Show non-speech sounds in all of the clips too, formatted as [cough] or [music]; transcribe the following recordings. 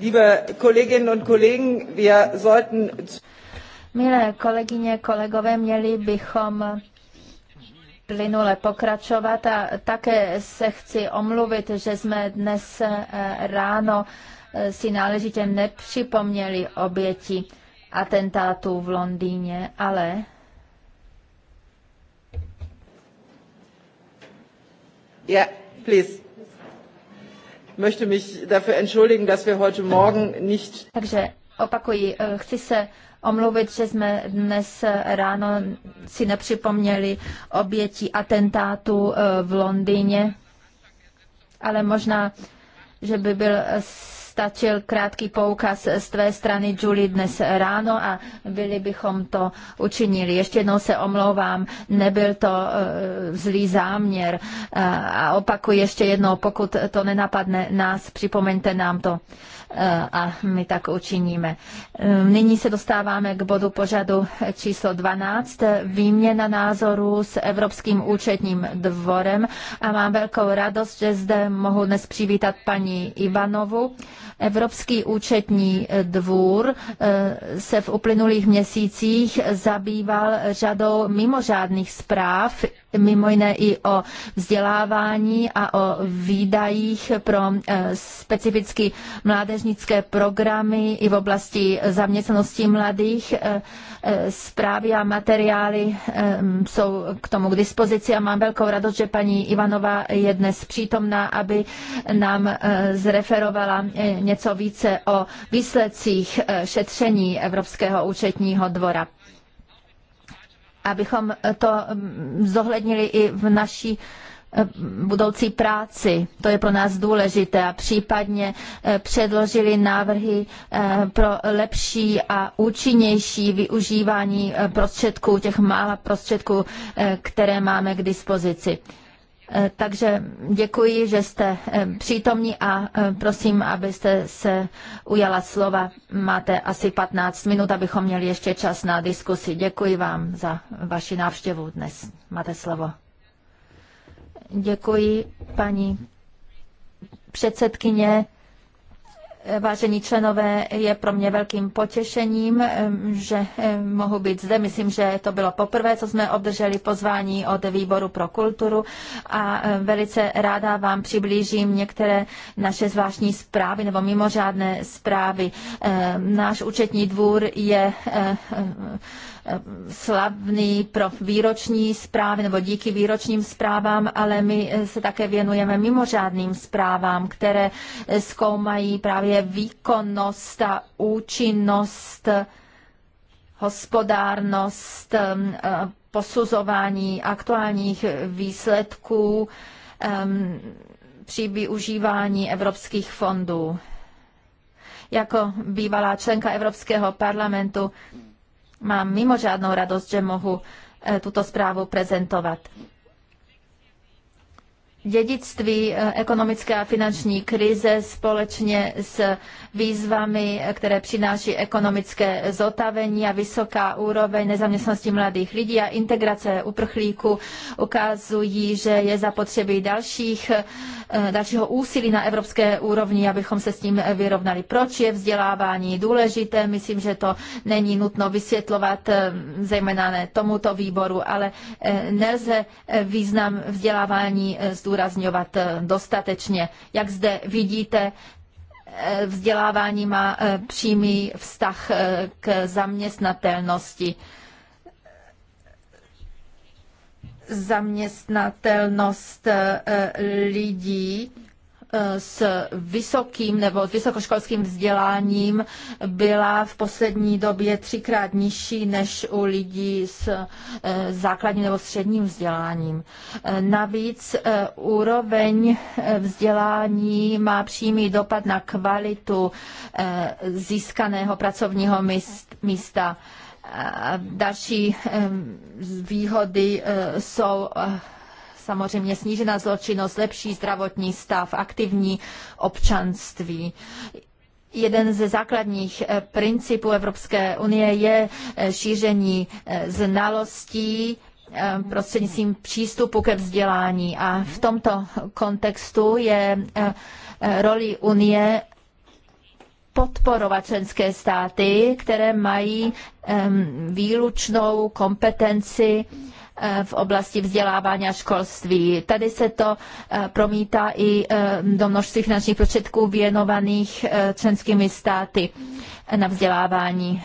Liebe Kolleginnen und Kollegen, wir sollten... Milé kolegyně, kolegové, měli bychom plynule pokračovat a také se chci omluvit, že jsme dnes eh, ráno eh, si náležitě nepřipomněli oběti atentátu v Londýně, ale Yeah, please möchte mich dafür entschuldigen, dass wir heute Morgen nicht. Takže opakuji, eh, chci se omluvit, že jsme dnes eh, ráno si nepřipomněli oběti atentátu eh, v Londýně, ale možná, že by byl stačil krátký poukaz z tvé strany, Julie, dnes ráno a byli bychom to učinili. Ještě jednou se omlouvám, nebyl to eh, zlý záměr eh, a opakuji ještě jednou, pokud to nenapadne nás, připomeňte nám to. Eh, a my tak učiníme. Eh, nyní se dostáváme k bodu pořadu číslo 12, výměna názorů s Evropským účetním dvorem a mám velkou radost, že zde mohu dnes přivítat paní Ivanovu. Evropský účetní dvůr eh, se v uplynulých měsících zabýval řadou mimořádných zpráv mimo jiné i o vzdělávání a o výdajích pro eh, specificky mládežnické programy i v oblasti zaměstnanosti mladých. Eh, eh, zprávy a materiály ehm, jsou k tomu k dispozici a mám velkou radost, že paní Ivanová je dnes přítomná, aby nám zreferovala něco více o výsledcích šetření Evropského účetního dvora abychom to mm, zohlednili i v naší eh, budoucí práci. To je pro nás důležité a případně eh, předložili návrhy eh, pro lepší a účinnější využívání prostředků, těch mála prostředků, které máme k dispozici. Eh, takže děkuji, že jste eh, přítomní a eh, prosím, abyste se ujala slova. Máte asi 15 minut, abychom měli ještě čas na diskusi. Děkuji vám za vaši návštěvu dnes. Máte slovo. Děkuji, paní předsedkyně. Vážení členové, je pro mě velkým potěšením, eh, že eh, mohu být zde. Myslím, že to bylo poprvé, co jsme obdrželi pozvání od Výboru pro kulturu a eh, velice ráda vám přiblížím některé naše zvláštní zprávy nebo mimořádné zprávy. Náš účetní dvůr je slavný pro výroční zprávy nebo díky výročním zprávám, ale my se také věnujeme mimořádným zprávám, které zkoumají právě výkonnost a účinnost, hospodárnost, um, eh, posuzování aktuálních výsledků um, při využívání evropských fondů. Jako bývalá členka Evropského parlamentu mám mimořádnou radost, že mohu eh, tuto zprávu prezentovat dědictví eh, ekonomické a finanční krize společně s výzvami, eh, které přináší ekonomické zotavení a vysoká úroveň nezaměstnanosti mladých lidí a integrace uprchlíků ukazují, že je zapotřebí dalších, eh, dalšího úsilí na evropské úrovni, abychom se s tím vyrovnali. Proč je vzdělávání důležité? Myslím, že to není nutno vysvětlovat zejména ne tomuto výboru, ale nelze význam vzdělávání zdůvodnit zdůrazňovat eh, dostatečně. Jak zde vidíte, eh, vzdělávání má eh, přímý vztah k zaměstnatelnosti. Zaměstnatelnost lidí Eh, s vysokým nebo s vysokoškolským vzděláním byla v poslední době třikrát nižší než u lidí s eh, základním nebo středním vzděláním. Eh, navíc úroveň vzdělání má přímý dopad na kvalitu získaného pracovního místa. Další výhody jsou samozřejmě snížená zločinnost, lepší zdravotní stav, aktivní občanství. Jeden ze základních eh, principů Evropské unie je eh, šíření eh, znalostí, prostřednictvím přístupu ke vzdělání. A v tomto kontextu je roli Unie podporovat členské státy, které mají výlučnou kompetenci Eh, v oblasti vzdělávání a školství. Tady se to eh, promítá i eh, do množství finančních prostředků věnovaných členskými státy na vzdělávání.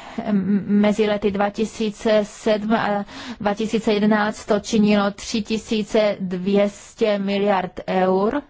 Mezi lety 2007 a 2011 to činilo 3200 miliard eur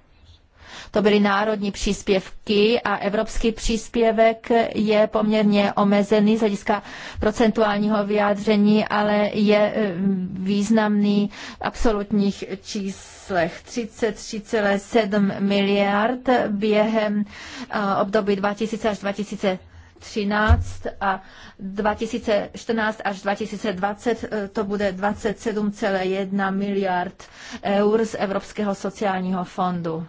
to byly národní příspěvky a evropský příspěvek je poměrně omezený z hlediska procentuálního vyjádření, ale je eh, významný v absolutních číslech 33,7 miliard během eh, období 2000 až 2000 2013 a 2014 až 2020 eh, to bude 27,1 miliard eur z Evropského sociálního fondu.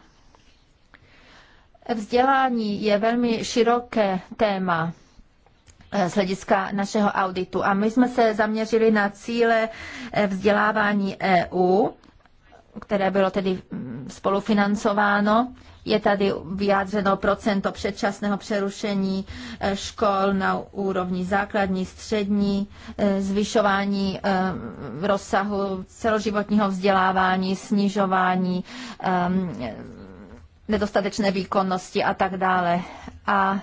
Vzdělání je velmi široké téma eh, z hlediska našeho auditu a my jsme se zaměřili na cíle eh, vzdělávání EU, které bylo tedy mm, spolufinancováno. Je tady vyjádřeno procento předčasného přerušení eh, škol na úrovni základní, střední, zvyšování rozsahu celoživotního vzdělávání, snižování nedostatečné výkonnosti a tak dále. A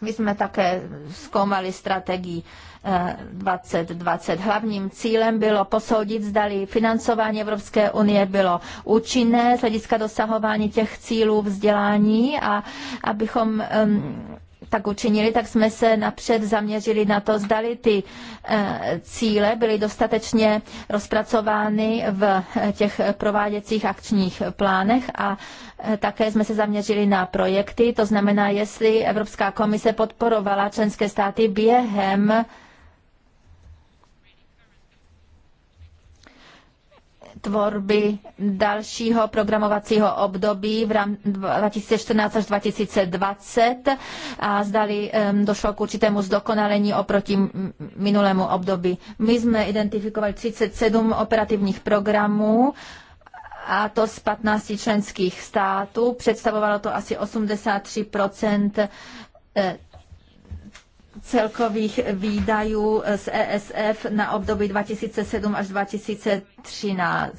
My jsme také zkoumali strategii 2020. Eh, Hlavním cílem bylo posoudit, zdali financování Evropské unie bylo účinné z hlediska dosahování těch cílů vzdělání a abychom um, tak učinili, tak jsme se napřed zaměřili na to, zdali ty eh, cíle byly dostatečně rozpracovány v eh, těch prováděcích akčních plánech a eh, také jsme se zaměřili na projekty, to znamená, jestli Evropská komise podporovala členské státy během tvorby dalšího programovacího období v rám 2014 až 2020 a zdali došlo k určitému zdokonalení oproti minulému období. My jsme identifikovali 37 operativních programů, a to z 15 členských států. Představovalo to asi 83 celkových výdajů z ESF na období 2007 až 2013.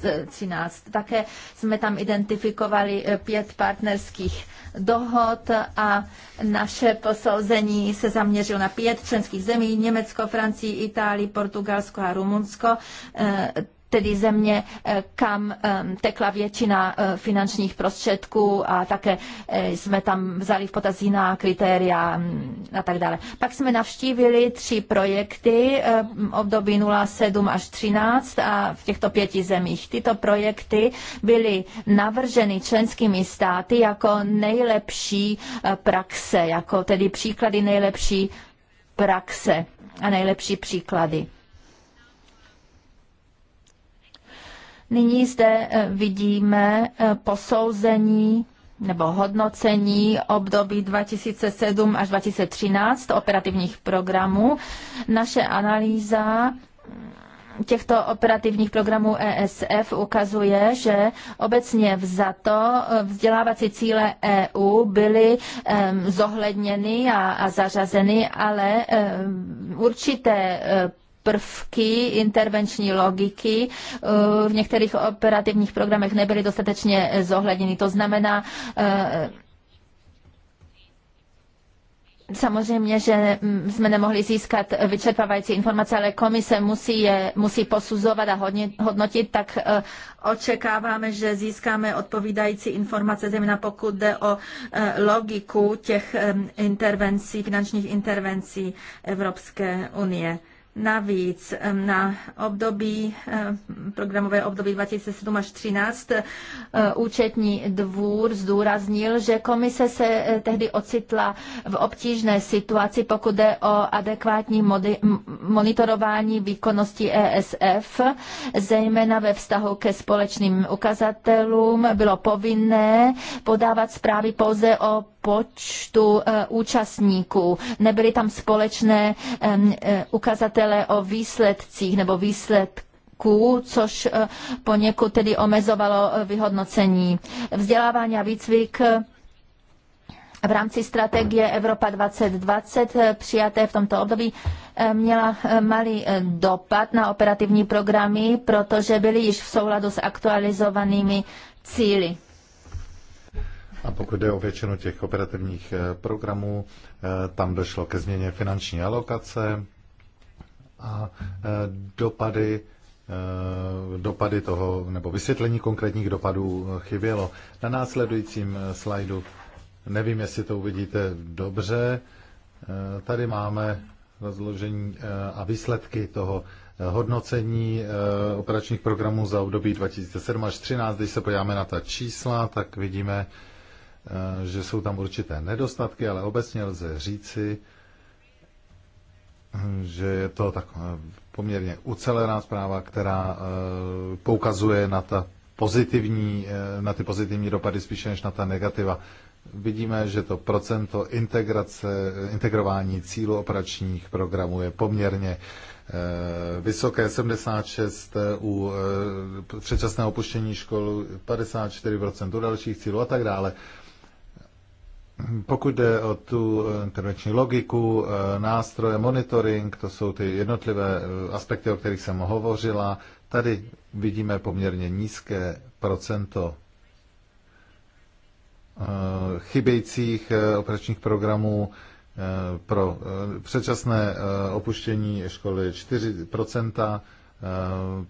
Také jsme tam identifikovali eh, pět partnerských dohod a naše posouzení se zaměřilo na pět členských zemí, Německo, Francii, Itálii, Portugalsko a Rumunsko. Eh, tedy země, eh, kam ehm, tekla většina eh, finančních prostředků a také eh, jsme tam vzali v potaz jiná kritéria mm, a tak dále. Pak jsme navštívili tři projekty ehm, období 07 až 13 a v těchto pěti zemích. Tyto projekty byly navrženy členskými státy jako nejlepší praxe, jako tedy příklady nejlepší praxe a nejlepší příklady. Nyní zde eh, vidíme eh, posouzení nebo hodnocení období 2007 až 2013 operativních programů. Naše analýza mm, těchto operativních programů ESF ukazuje, že obecně vzato eh, vzdělávací cíle EU byly zohledněny a, a zařazeny, ale určité prvky intervenční logiky eh, v některých operativních programech nebyly dostatečně zohledněny. To znamená, eh, Samozřejmě, že mm, jsme nemohli získat vyčerpávající informace, ale komise musí je musí posuzovat a hodně, hodnotit, tak eh, očekáváme, že získáme odpovídající informace, zejména pokud jde o logiku těch intervencí, finančních intervencí Evropské unie. Navíc na období, programové období 2007 až 2013 účetní dvůr zdůraznil, že komise se eh, tehdy ocitla v obtížné situaci, pokud jde o adekvátní monitorování výkonnosti ESF, zejména ve vztahu ke společným ukazatelům. Bylo povinné podávat zprávy pouze o počtu eh, účastníků. Nebyly tam společné eh, ukazatele ukazatele o výsledcích nebo výsledků což eh, poněkud tedy omezovalo eh, vyhodnocení vzdělávání a výcvik eh, v rámci strategie Evropa 2020 přijaté v tomto období měla malý dopad na operativní programy, protože byly již v souladu s aktualizovanými cíly. A pokud jde o většinu těch operativních programů, tam došlo ke změně finanční alokace, a e, dopady e, dopady toho, nebo vysvětlení konkrétních dopadů e, chybělo. Na následujícím slajdu, nevím, jestli to uvidíte dobře, tady máme rozložení a výsledky toho hodnocení operačních programů za období 2007 až 2013. Když se podíváme na ta čísla, tak vidíme, že jsou tam určité nedostatky, ale obecně lze říci, že je to tak eh, poměrně ucelená zpráva, která eh, poukazuje na, ta pozitivní, eh, na ty pozitivní dopady spíše než na ta negativa. Vidíme, že to procento integrace, integrování cílů operačních programů je poměrně vysoké 76 u předčasného opuštění školu, 54% u dalších cílů a tak dále. Pokud jde o tu eh, intervenční logiku, eh, nástroje, monitoring, to jsou ty jednotlivé eh, aspekty, o kterých jsem hovořila, tady vidíme poměrně nízké procento chybějících operačních programů pro předčasné opuštění školy 4%,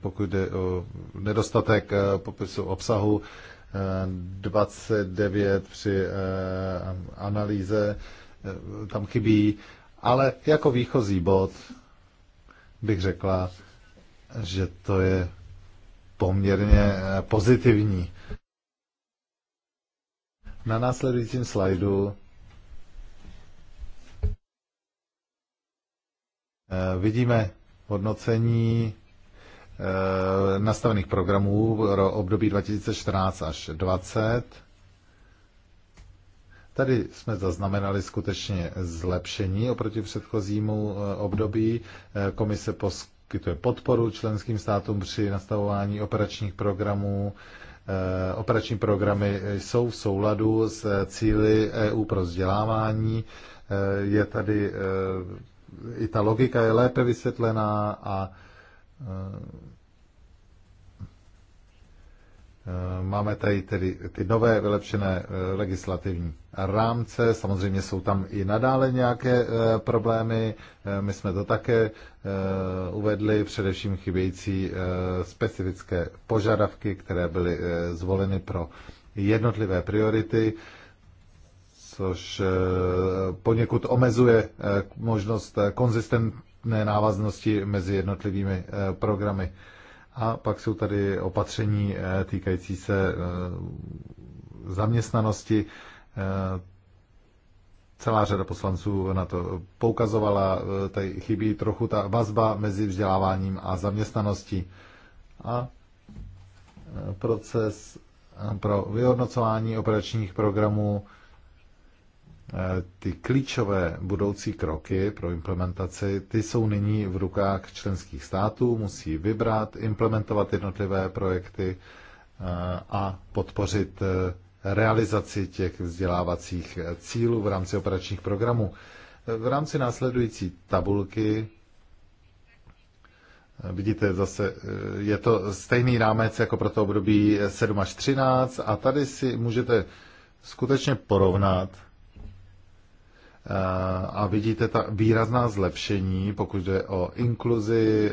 pokud jde o nedostatek popisu obsahu 29 při eh, analýze, eh, tam chybí, ale jako výchozí bod bych řekla, že to je poměrně eh, pozitivní. Na následujícím slajdu vidíme hodnocení Eh, nastavených programů pro období 2014 až 2020. Tady jsme zaznamenali skutečně zlepšení oproti předchozímu eh, období. Eh, komise poskytuje podporu členským státům při nastavování operačních programů. Operační programy jsou v souladu s cíly EU pro vzdělávání. Je tady i ta logika je lépe vysvětlená a Eh, máme tady tedy ty nové vylepšené eh, legislativní rámce, samozřejmě jsou tam i nadále nějaké eh, problémy, my jsme to také uvedli, především chybějící specifické požadavky, které byly zvoleny pro jednotlivé priority, což poněkud omezuje možnost konzistent, návaznosti mezi jednotlivými eh, programy. A pak jsou tady opatření eh, týkající se eh, zaměstnanosti. Celá řada poslanců na to poukazovala. Tady chybí trochu ta vazba mezi vzděláváním a zaměstnaností. A proces pro vyhodnocování operačních programů Eh, ty klíčové budoucí kroky pro implementaci, ty jsou nyní v rukách členských států, musí vybrat, implementovat jednotlivé projekty eh, a podpořit eh, realizaci těch vzdělávacích cílů v rámci operačních programů. V rámci následující tabulky Vidíte, zase je to stejný rámec jako pro to období 7 až 13 a tady si můžete skutečně porovnat a vidíte ta výrazná zlepšení, pokud jde o inkluzi eh,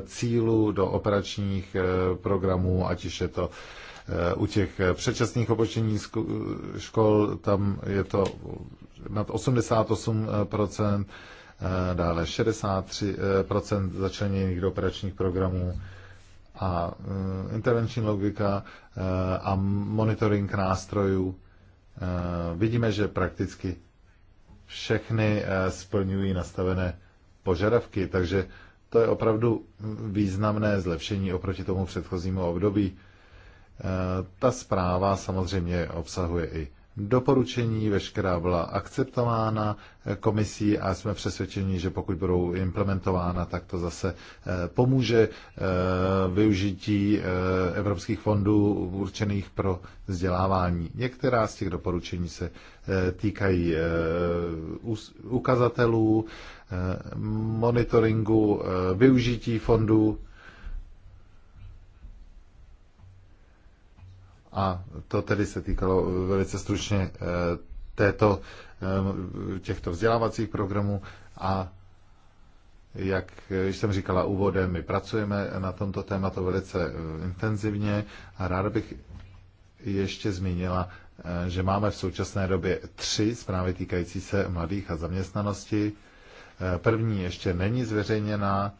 cílů do operačních eh, programů, ať už je to eh, u těch předčasných opočení škol, tam je to nad 88%, dále 63% začleněných do operačních programů a intervenční logika a monitoring nástrojů. Vidíme, že prakticky všechny eh, splňují nastavené požadavky, takže to je opravdu významné zlepšení oproti tomu předchozímu období. Eh, ta zpráva samozřejmě obsahuje i doporučení, veškerá byla akceptována komisí a jsme přesvědčeni, že pokud budou implementována, tak to zase eh, pomůže eh, využití eh, evropských fondů určených pro vzdělávání. Některá z těch doporučení se týkají ukazatelů, monitoringu využití fondů A to tedy se týkalo eh, velice stručně eh, této, eh, těchto vzdělávacích programů a jak jsem říkala úvodem, my pracujeme na tomto tématu velice intenzivně a ráda bych ještě zmínila, že máme v současné době tři zprávy týkající se mladých a zaměstnanosti. První ještě není zveřejněná.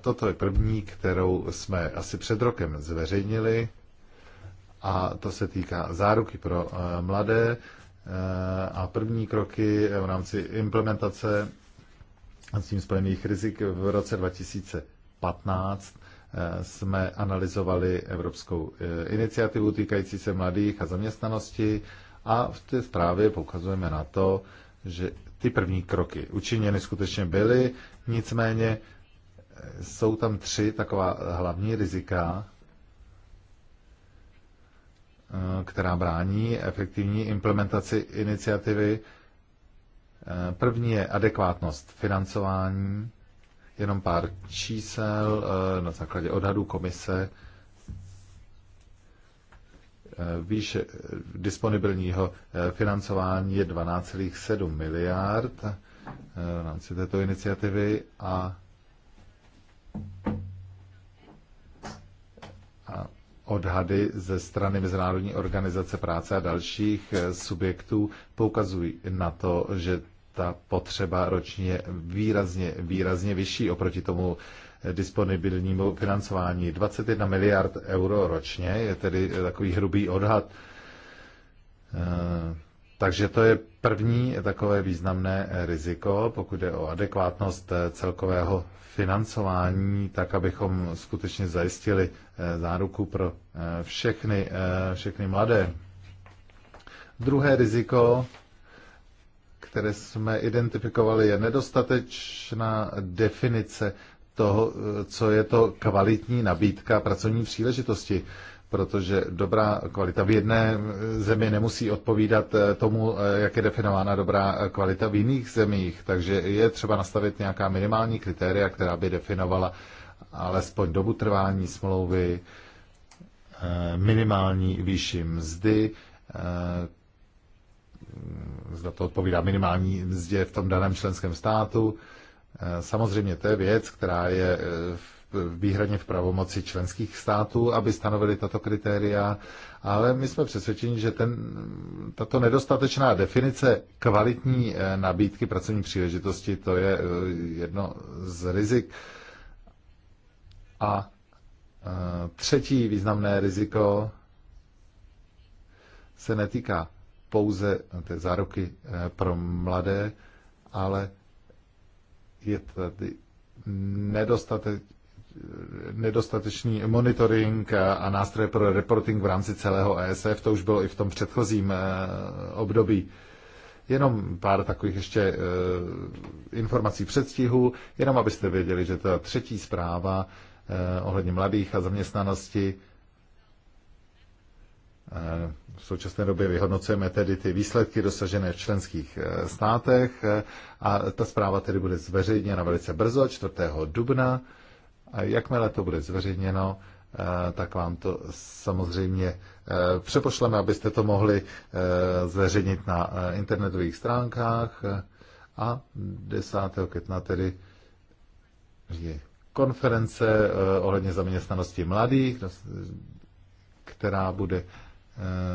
Toto je první, kterou jsme asi před rokem zveřejnili a to se týká záruky pro eh, mladé eh, a první kroky eh, v rámci implementace s tím spojených rizik v roce 2015 jsme analyzovali evropskou iniciativu týkající se mladých a zaměstnanosti a v té zprávě poukazujeme na to, že ty první kroky učiněny skutečně byly, nicméně jsou tam tři taková hlavní rizika, která brání efektivní implementaci iniciativy. První je adekvátnost financování, jenom pár čísel eh, na základě odhadů komise. Eh, výše disponibilního eh, financování je 12,7 miliard v rámci této iniciativy a odhady ze strany Mezinárodní organizace práce a dalších eh, subjektů poukazují na to, že ta potřeba ročně výrazně, výrazně vyšší oproti tomu eh, disponibilnímu financování. 21 miliard euro ročně je tedy eh, takový hrubý odhad. Takže to je první takové významné riziko, pokud je o adekvátnost celkového financování, tak abychom skutečně zajistili eh, záruku pro eh, všechny, eh, všechny mladé. Druhé riziko, které jsme identifikovali, je nedostatečná definice toho, co je to kvalitní nabídka pracovní příležitosti protože dobrá kvalita v jedné zemi nemusí odpovídat eh, tomu, eh, jak je definována dobrá kvalita v jiných zemích. Takže je třeba nastavit nějaká minimální kritéria, která by definovala alespoň dobu trvání smlouvy, eh, minimální výši mzdy, zda to odpovídá minimální mzdě v tom daném členském státu. Samozřejmě to je věc, která je v výhradně v pravomoci členských států, aby stanovili tato kritéria, ale my jsme přesvědčeni, že ten, tato nedostatečná definice kvalitní eh, nabídky pracovní příležitosti, to je eh, jedno z rizik. A eh, třetí významné riziko se netýká pouze té záruky pro mladé, ale je tady nedostatek nedostatečný monitoring a nástroje pro reporting v rámci celého ESF, to už bylo i v tom předchozím e, období. Jenom pár takových ještě e, informací předstihu, jenom abyste věděli, že ta třetí zpráva e, ohledně mladých a zaměstnanosti v současné době vyhodnocujeme tedy ty výsledky dosažené v členských státech a ta zpráva tedy bude zveřejněna velice brzo, 4. dubna. A jakmile to bude zveřejněno, eh, tak vám to samozřejmě eh, přepošleme, abyste to mohli eh, zveřejnit na internetových stránkách. A 10. května tedy je konference ohledně zaměstnanosti mladých, která bude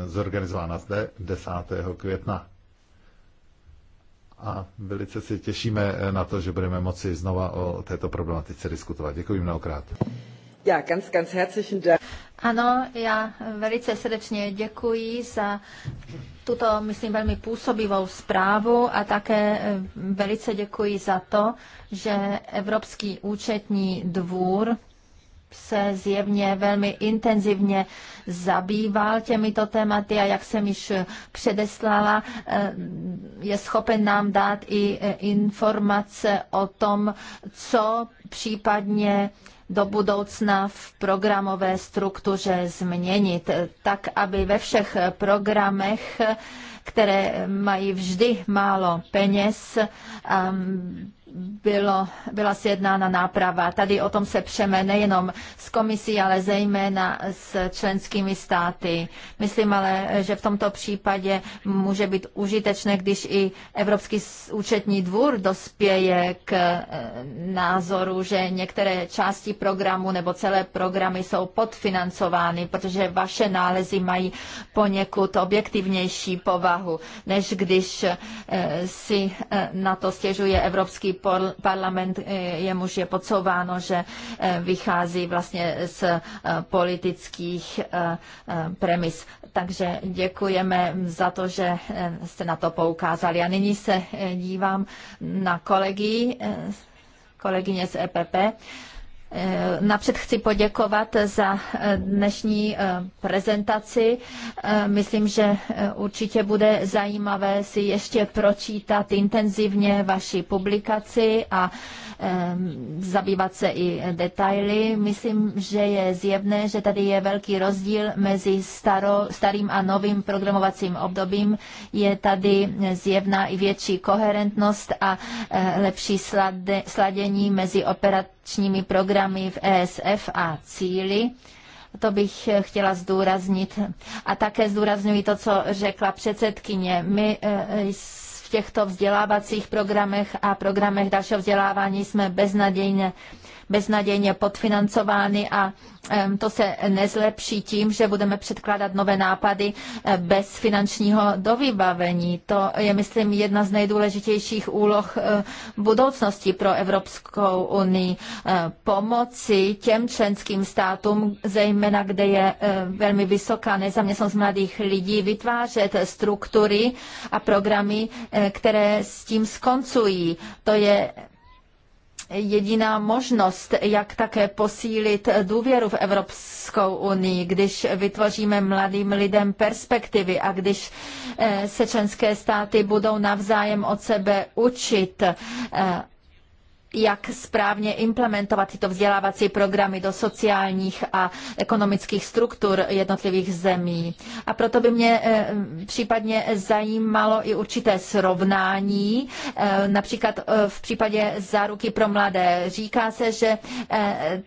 zorganizována zde 10. května a velice se těšíme eh, na to, že budeme moci znova o této problematice diskutovat. Děkuji mnohokrát. Ja, ganz, ganz herzlichen Dank. Ano, já velice srdečně děkuji za tuto, myslím, velmi působivou zprávu a také eh, velice děkuji za to, že Evropský účetní dvůr se zjevně velmi intenzivně zabýval těmito tématy a jak jsem již předeslala, eh, je schopen nám dát i eh, informace o tom, co případně do budoucna v programové struktuře změnit, tak aby ve všech programech, které mají vždy málo peněz, ehm, bylo, byla sjednána náprava. Tady o tom se přeme nejenom s komisí, ale zejména s členskými státy. Myslím ale, že v tomto případě může být užitečné, když i Evropský účetní dvůr dospěje k eh, názoru, že některé části programu nebo celé programy jsou podfinancovány, protože vaše nálezy mají poněkud objektivnější povahu, než když eh, si eh, na to stěžuje Evropský parlament, eh, jemuž je podsouváno, že eh, vychází vlastně z eh, politických premis. Takže děkujeme za to, že jste na to poukázali. A nyní se dívám na kolegy, kolegyně z EPP. Eh, napřed chci poděkovat za eh, dnešní eh, prezentaci. Myslím, že určitě bude zajímavé si ještě pročítat intenzivně vaši publikaci a zabývat se i detaily. Myslím, že je zjevné, že tady je velký rozdíl mezi staro, starým a novým programovacím obdobím. Je tady zjevná i větší koherentnost a lepší sladění mezi operativními akčními programy v ESF a cíly. To bych chtěla zdůraznit. A také zdůraznuju to, co řekla předsedkyně. My e, v těchto vzdělávacích programech a programech dalšího vzdělávání jsme beznadějně beznadějně podfinancovány a to se nezlepší tím, že budeme předkládat nové nápady eh, bez finančního dovybavení. To je, myslím, jedna z nejdůležitějších úloh eh, budoucnosti pro Evropskou unii. Eh, pomoci těm členským státům, zejména kde je velmi vysoká nezaměstnanost mladých lidí, vytvářet struktury a programy, které s tím skoncují. To je jediná možnost, jak také posílit důvěru v Evropskou unii, když vytvoříme mladým lidem perspektivy a když eh, se členské státy budou navzájem od sebe učit eh, jak správně implementovat tyto vzdělávací programy do sociálních a ekonomických struktur jednotlivých zemí. A proto by mě eh, případně zajímalo i určité srovnání, eh, například eh, v případě záruky pro mladé. Říká se, že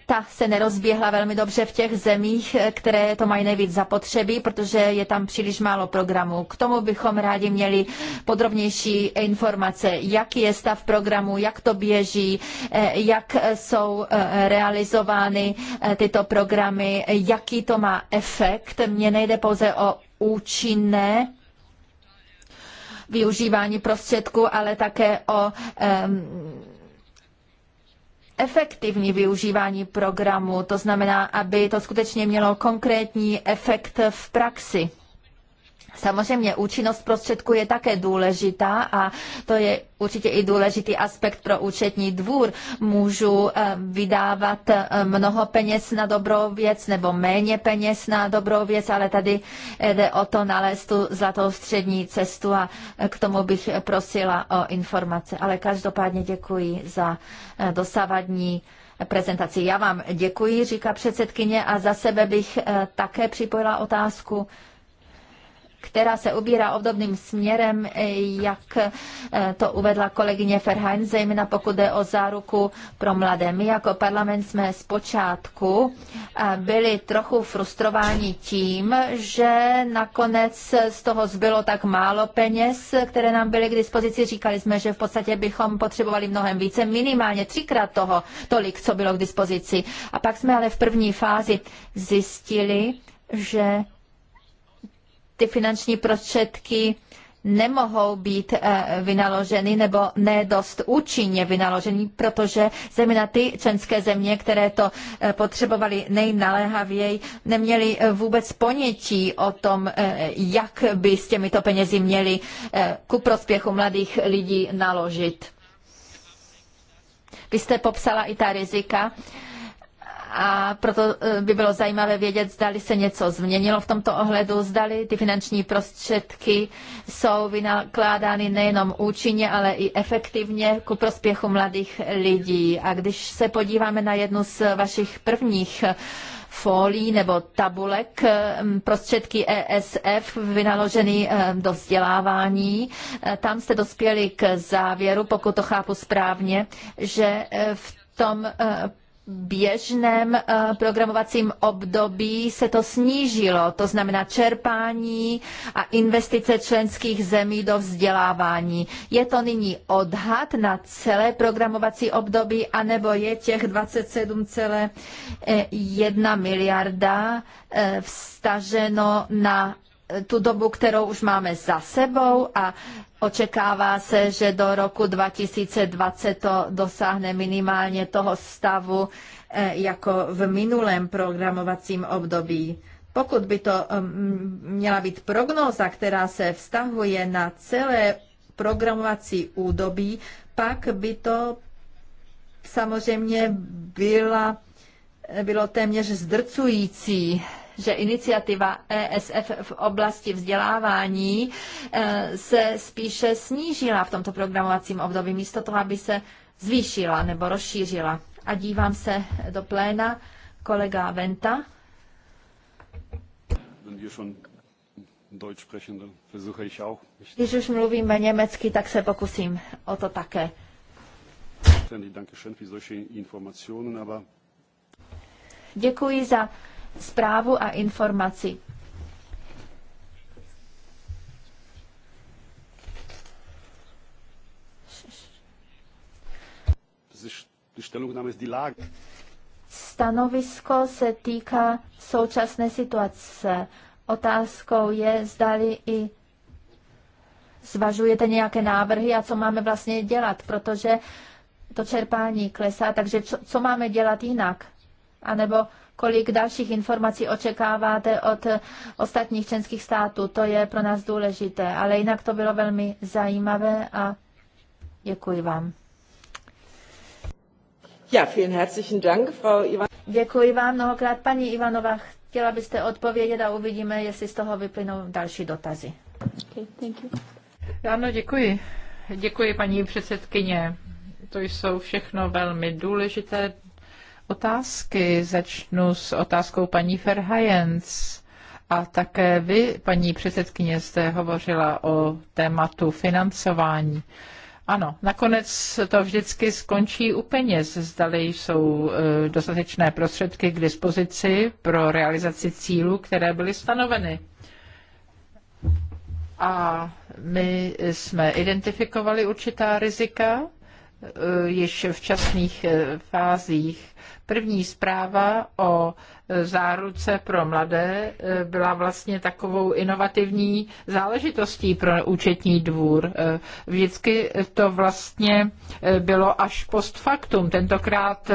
ta se nerozběhla velmi dobře v těch zemích, které to mají nejvíc zapotřebí, protože je tam příliš málo programů. K tomu bychom rádi měli podrobnější informace, jaký je stav programu, jak to běží, Eh, jak jsou eh, realizovány eh, tyto programy, jaký to má efekt. Mně nejde pouze o účinné využívání prostředků, ale také o efektivní využívání programu, to znamená, aby to skutečně mělo konkrétní efekt v praxi. Samozřejmě účinnost prostředku je také důležitá a to je určitě i důležitý aspekt pro účetní dvůr. Můžu eh, vydávat eh, mnoho peněz na dobrou věc nebo méně peněz na dobrou věc, ale tady jde o to nalézt tu zlatou střední cestu a eh, k tomu bych prosila o informace. Ale každopádně děkuji za dosavadní prezentaci. Já vám děkuji, říká předsedkyně, a za sebe bych také připojila otázku která se ubírá obdobným směrem, eh, jak eh, to uvedla kolegyně Ferhajn, zejména pokud jde o záruku pro mladé. My jako parlament jsme zpočátku eh, byli trochu frustrováni tím, že nakonec z toho zbylo tak málo peněz, které nám byly k dispozici. Říkali jsme, že v podstatě bychom potřebovali mnohem více, minimálně třikrát toho, tolik, co bylo k dispozici. A pak jsme ale v první fázi zjistili, že ty finanční prostředky nemohou být eh, vynaloženy nebo nedost účinně vynaloženy, protože zejména ty členské země, které to eh, potřebovaly nejnaléhavěji, neměly eh, vůbec ponětí o tom, jak by s těmito penězi měli ku prospěchu mladých lidí naložit. Vy jste popsala i ta rizika a proto e, by bylo zajímavé vědět, zdali se něco změnilo v tomto ohledu, zdali ty finanční prostředky jsou vynakládány nejenom účinně, ale i efektivně ku prospěchu mladých lidí. A když se podíváme na jednu z vašich prvních folí nebo tabulek e, prostředky ESF vynaložený e, do vzdělávání. Tam jste dospěli k závěru, pokud to chápu správně, že v tom běžném eh, programovacím období se to snížilo. To znamená čerpání a investice členských zemí do vzdělávání. Je to nyní odhad na celé programovací období, anebo je těch 27,1 eh, miliarda eh, vstaženo na tu dobu, kterou už máme za sebou a očekává se, že do roku 2020 to dosáhne minimálně toho stavu eh, jako v minulém programovacím období. Pokud by to mm, měla být prognóza, která se vztahuje na celé programovací údobí, pak by to samozřejmě byla, bylo téměř zdrcující že iniciativa ESF v oblasti vzdělávání eh, se spíše snížila v tomto programovacím období, místo toho, aby se zvýšila nebo rozšířila. A dívám se do pléna kolega Venta. Když už mluvíme německy, tak se pokusím o to také. Děkuji za zprávu a informaci. Stanovisko se týká současné situace. Otázkou je, zdali i zvažujete nějaké návrhy a co máme vlastně dělat, protože to čerpání klesá, takže co, co máme dělat jinak? A nebo kolik dalších informací očekáváte od ostatních členských států. To je pro nás důležité, ale jinak to bylo velmi zajímavé a děkuji vám. Ja, vielen herzlichen Dank, Frau Ivan. Děkuji vám mnohokrát, paní Ivanová. Chtěla byste odpovědět a uvidíme, jestli z toho vyplynou další dotazy. Okay, thank you. Ano, děkuji. Děkuji, paní předsedkyně. To jsou všechno velmi důležité otázky. Začnu s otázkou paní Ferhajens. A také vy, paní předsedkyně, jste hovořila o tématu financování. Ano, nakonec to vždycky skončí u peněz. Zdali jsou e, dostatečné prostředky k dispozici pro realizaci cílů, které byly stanoveny. A my jsme identifikovali určitá rizika e, již v časných e, fázích První zpráva o záruce pro mladé eh, byla vlastně takovou inovativní záležitostí pro účetní dvůr. Eh, vždycky to vlastně eh, bylo až post factum. Tentokrát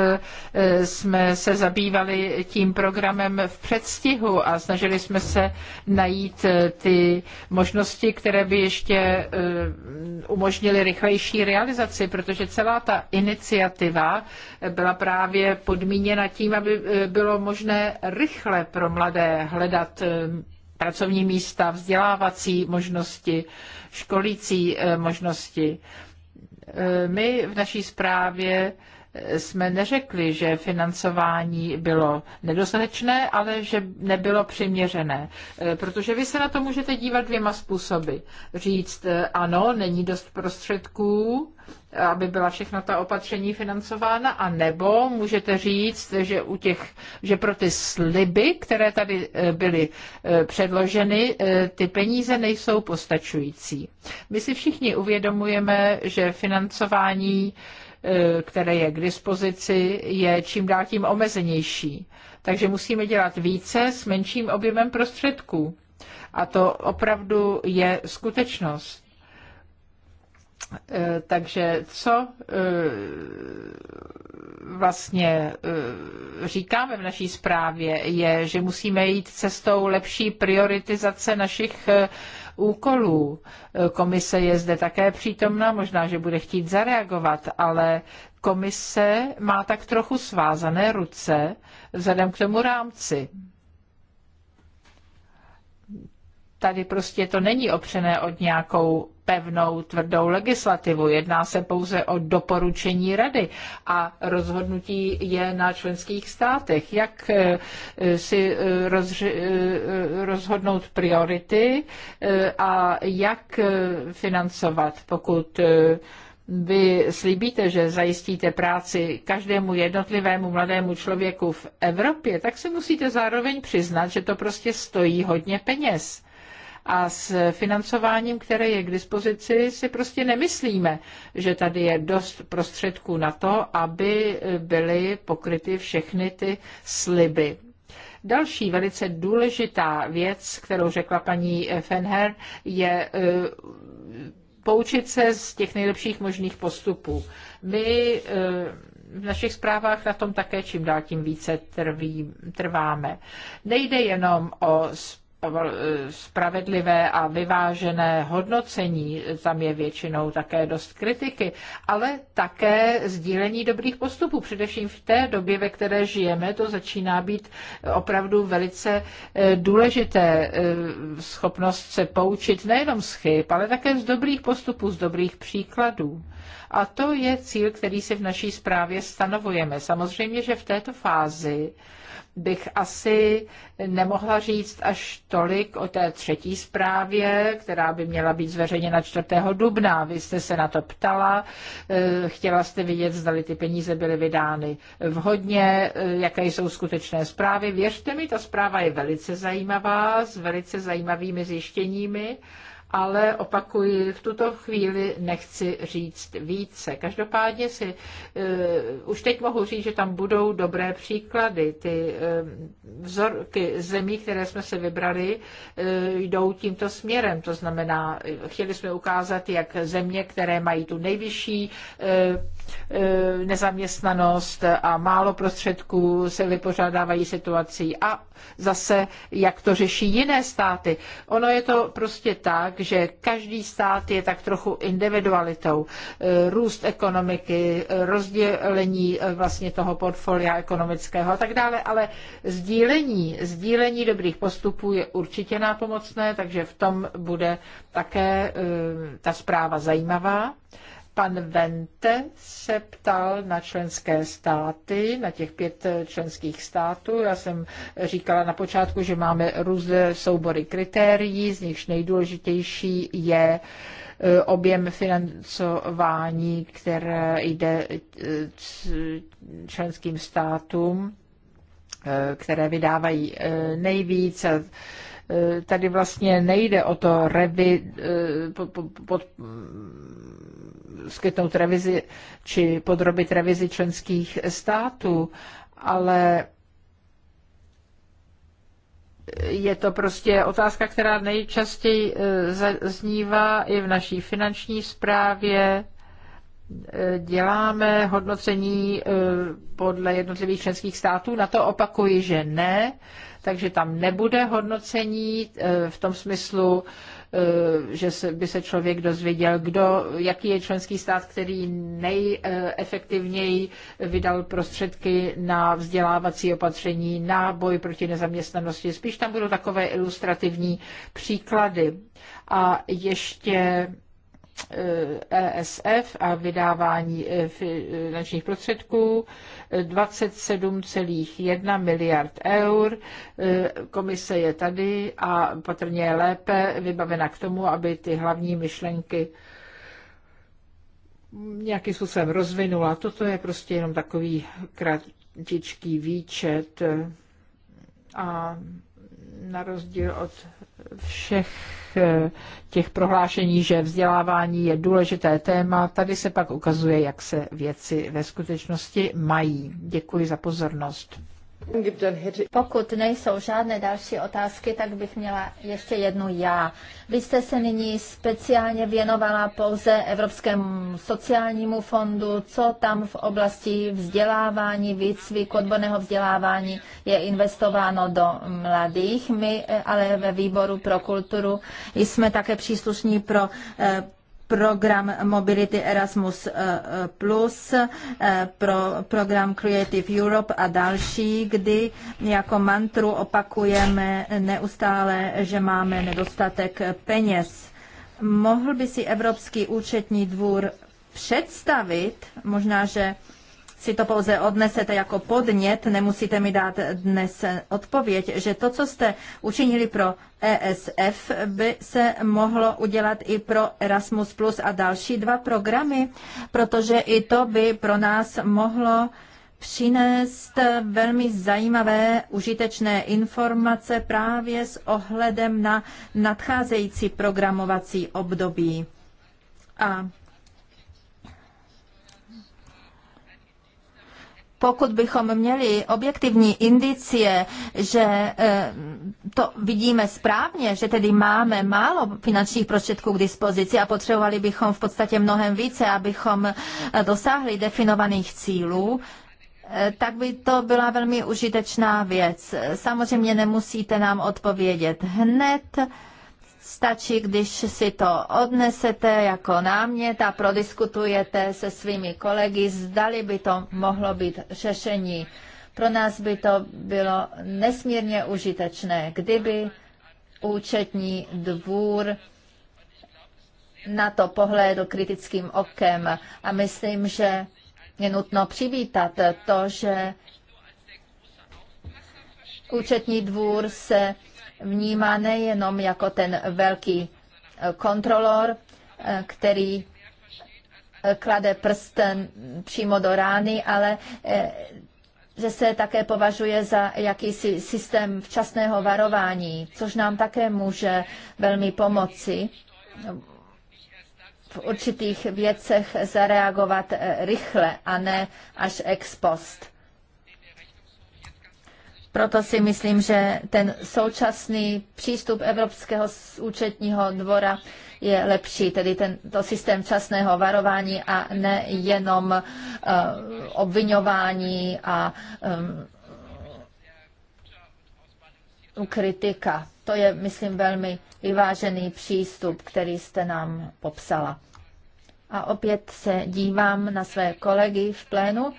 jsme se zabývali tím programem v předstihu a snažili jsme se najít ty možnosti, které by ještě umožnily rychlejší realizaci, protože celá ta iniciativa byla právě podmíněna tím, aby e, bylo možné rychle pro mladé hledat e, pracovní místa, vzdělávací možnosti, školící e, možnosti. My v naší zprávě jsme neřekli, že financování bylo nedostatečné, ale že nebylo přiměřené. E, protože vy se na to můžete dívat dvěma způsoby. Říct, e, ano, není dost prostředků, aby byla všechna ta opatření financována, a nebo můžete říct, že, u těch, že pro ty sliby, které tady e, byly předloženy, ty peníze nejsou postačující. My si všichni uvědomujeme, že financování Eh, které je k dispozici, je čím dál tím omezenější. Takže musíme dělat více s menším objemem prostředků. A to opravdu je skutečnost. Eh, takže co eh, vlastně říkáme v naší zprávě, je, že musíme jít cestou lepší prioritizace našich úkolů. Komise je zde také přítomna, možná, že bude chtít zareagovat, ale komise má tak trochu svázané ruce vzhledem k tomu rámci. Tady prostě to není opřené od nějakou pevnou, tvrdou legislativu. Jedná se pouze o doporučení rady a rozhodnutí je na členských státech, jak eh, si eh, eh, rozhodnout priority a jak financovat, pokud vy slíbíte, že zajistíte práci každému jednotlivému mladému člověku v Evropě, tak si musíte zároveň přiznat, že to prostě stojí hodně peněz. A s financováním, které je k dispozici, si prostě nemyslíme, že tady je dost prostředků na to, aby byly pokryty všechny ty sliby. Další velice důležitá věc, kterou řekla paní Fenher, je eh, poučit se z těch nejlepších možných postupů. My eh, v našich zprávách na tom také čím dál tím více trví, trváme. Nejde jenom o spravedlivé a vyvážené hodnocení, tam je většinou také dost kritiky, ale také sdílení dobrých postupů. Především v té době, ve které žijeme, to začíná být opravdu velice eh, důležité eh, schopnost se poučit nejenom z chyb, ale také z dobrých postupů, z dobrých příkladů. A to je cíl, který si v naší zprávě stanovujeme. Samozřejmě, že v této fázi bych asi nemohla říct až tolik o té třetí zprávě, která by měla být zveřejněna 4. dubna. Vy jste se na to ptala, eh, chtěla jste vidět, zdali ty peníze byly vydány vhodně, eh, jaké jsou skutečné zprávy. Věřte mi, ta zpráva je velice zajímavá, s velice zajímavými zjištěními ale opakuji, v tuto chvíli nechci říct více. Každopádně si uh, už teď mohu říct, že tam budou dobré příklady. Ty uh, vzorky zemí, které jsme se vybrali, uh, jdou tímto směrem. To znamená, chtěli jsme ukázat, jak země, které mají tu nejvyšší uh, E, nezaměstnanost a málo prostředků se vypořádávají situací a zase, jak to řeší jiné státy. Ono je to prostě tak, že každý stát je tak trochu individualitou. E, růst ekonomiky, rozdělení e, vlastně toho portfolia ekonomického a tak dále, ale sdílení, sdílení dobrých postupů je určitě nápomocné, takže v tom bude také ta zpráva zajímavá. Pan Vente se ptal na členské státy, na těch pět eh, členských států. Já jsem říkala na počátku, že máme různé soubory kritérií, z nichž nejdůležitější je eh, objem financování, které jde eh, členským státům, které vydávají nejvíc tady vlastně nejde o to revi, pod, pod, pod, skytnout revizi či podrobit revizi členských států, ale je to prostě otázka, která nejčastěji e, znívá i v naší finanční správě. E, děláme hodnocení e, podle jednotlivých členských států, na to opakuji, že ne, takže tam nebude hodnocení v tom smyslu, Eh, že by se člověk dozvěděl, kdo, jaký je členský stát, který nejefektivněji vydal prostředky na vzdělávací opatření, na boj proti nezaměstnanosti. Spíš tam budou takové ilustrativní příklady. A ještě ESF a vydávání e, e, finančních prostředků 27,1 e, miliard eur. Komise je tady a patrně je lépe vybavena k tomu, aby ty hlavní myšlenky nějakým způsobem rozvinula. Toto je prostě jenom takový kratičký výčet a na rozdíl od všech eh, těch prohlášení, že vzdělávání je důležité téma. Tady se pak ukazuje, jak se věci ve skutečnosti mají. Děkuji za pozornost. Pokud nejsou žádné další otázky, tak bych měla ještě jednu já. Vy jste se nyní speciálně věnovala pouze Evropskému sociálnímu fondu. Co tam v oblasti vzdělávání, výcvik, odborného vzdělávání je investováno do mladých? My eh, ale ve výboru pro kulturu jsme také příslušní pro eh, program Mobility Erasmus+, eh, Plus, eh, pro program Creative Europe a další, kdy jako mantru opakujeme neustále, že máme nedostatek peněz. Mohl by si Evropský účetní dvůr představit, možná, že si to pouze odnesete jako podnět, nemusíte mi dát dnes odpověď, že to, co jste učinili pro ESF, by se mohlo udělat i pro Erasmus Plus a další dva programy, protože i to by pro nás mohlo přinést velmi zajímavé, užitečné informace právě s ohledem na nadcházející programovací období. A pokud bychom měli objektivní indicie, že eh, to vidíme správně, že tedy máme málo finančních prostředků k dispozici a potřebovali bychom v podstatě mnohem více, abychom eh, dosáhli definovaných cílů, eh, tak by to byla velmi užitečná věc. Samozřejmě nemusíte nám odpovědět hned, Stačí, když si to odnesete jako námět a prodiskutujete se svými kolegy, zdali by to mohlo být řešení. Pro nás by to bylo nesmírně užitečné, kdyby účetní dvůr na to pohlédl kritickým okem. A myslím, že je nutno přivítat to, že účetní dvůr se vnímá nejenom jako ten velký e, kontrolor, e, který e, klade prsten přímo do rány, ale že se také považuje za jakýsi systém včasného varování, což nám také může velmi pomoci v určitých věcech zareagovat rychle a ne až ex post. Proto si myslím, že ten současný přístup Evropského účetního dvora je lepší, tedy ten, to systém časného varování a nejenom uh, eh, obvinování a um, kritika. To je, myslím, velmi vyvážený přístup, který jste nám popsala. A opět se dívám na své kolegy v plénu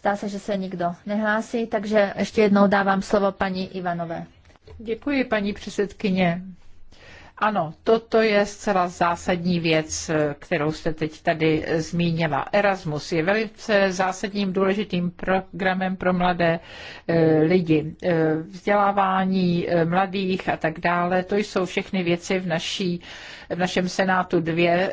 Zdá se, že se nikdo nehlásí, takže ještě jednou dávám slovo paní Ivanové. Děkuji, paní předsedkyně. Ano, toto je zcela zásadní věc, kterou jste teď tady zmínila. Erasmus je velice zásadním důležitým programem pro mladé eh, lidi. Eh, vzdělávání eh, mladých a tak dále, to jsou všechny věci v, naší, v našem Senátu dvě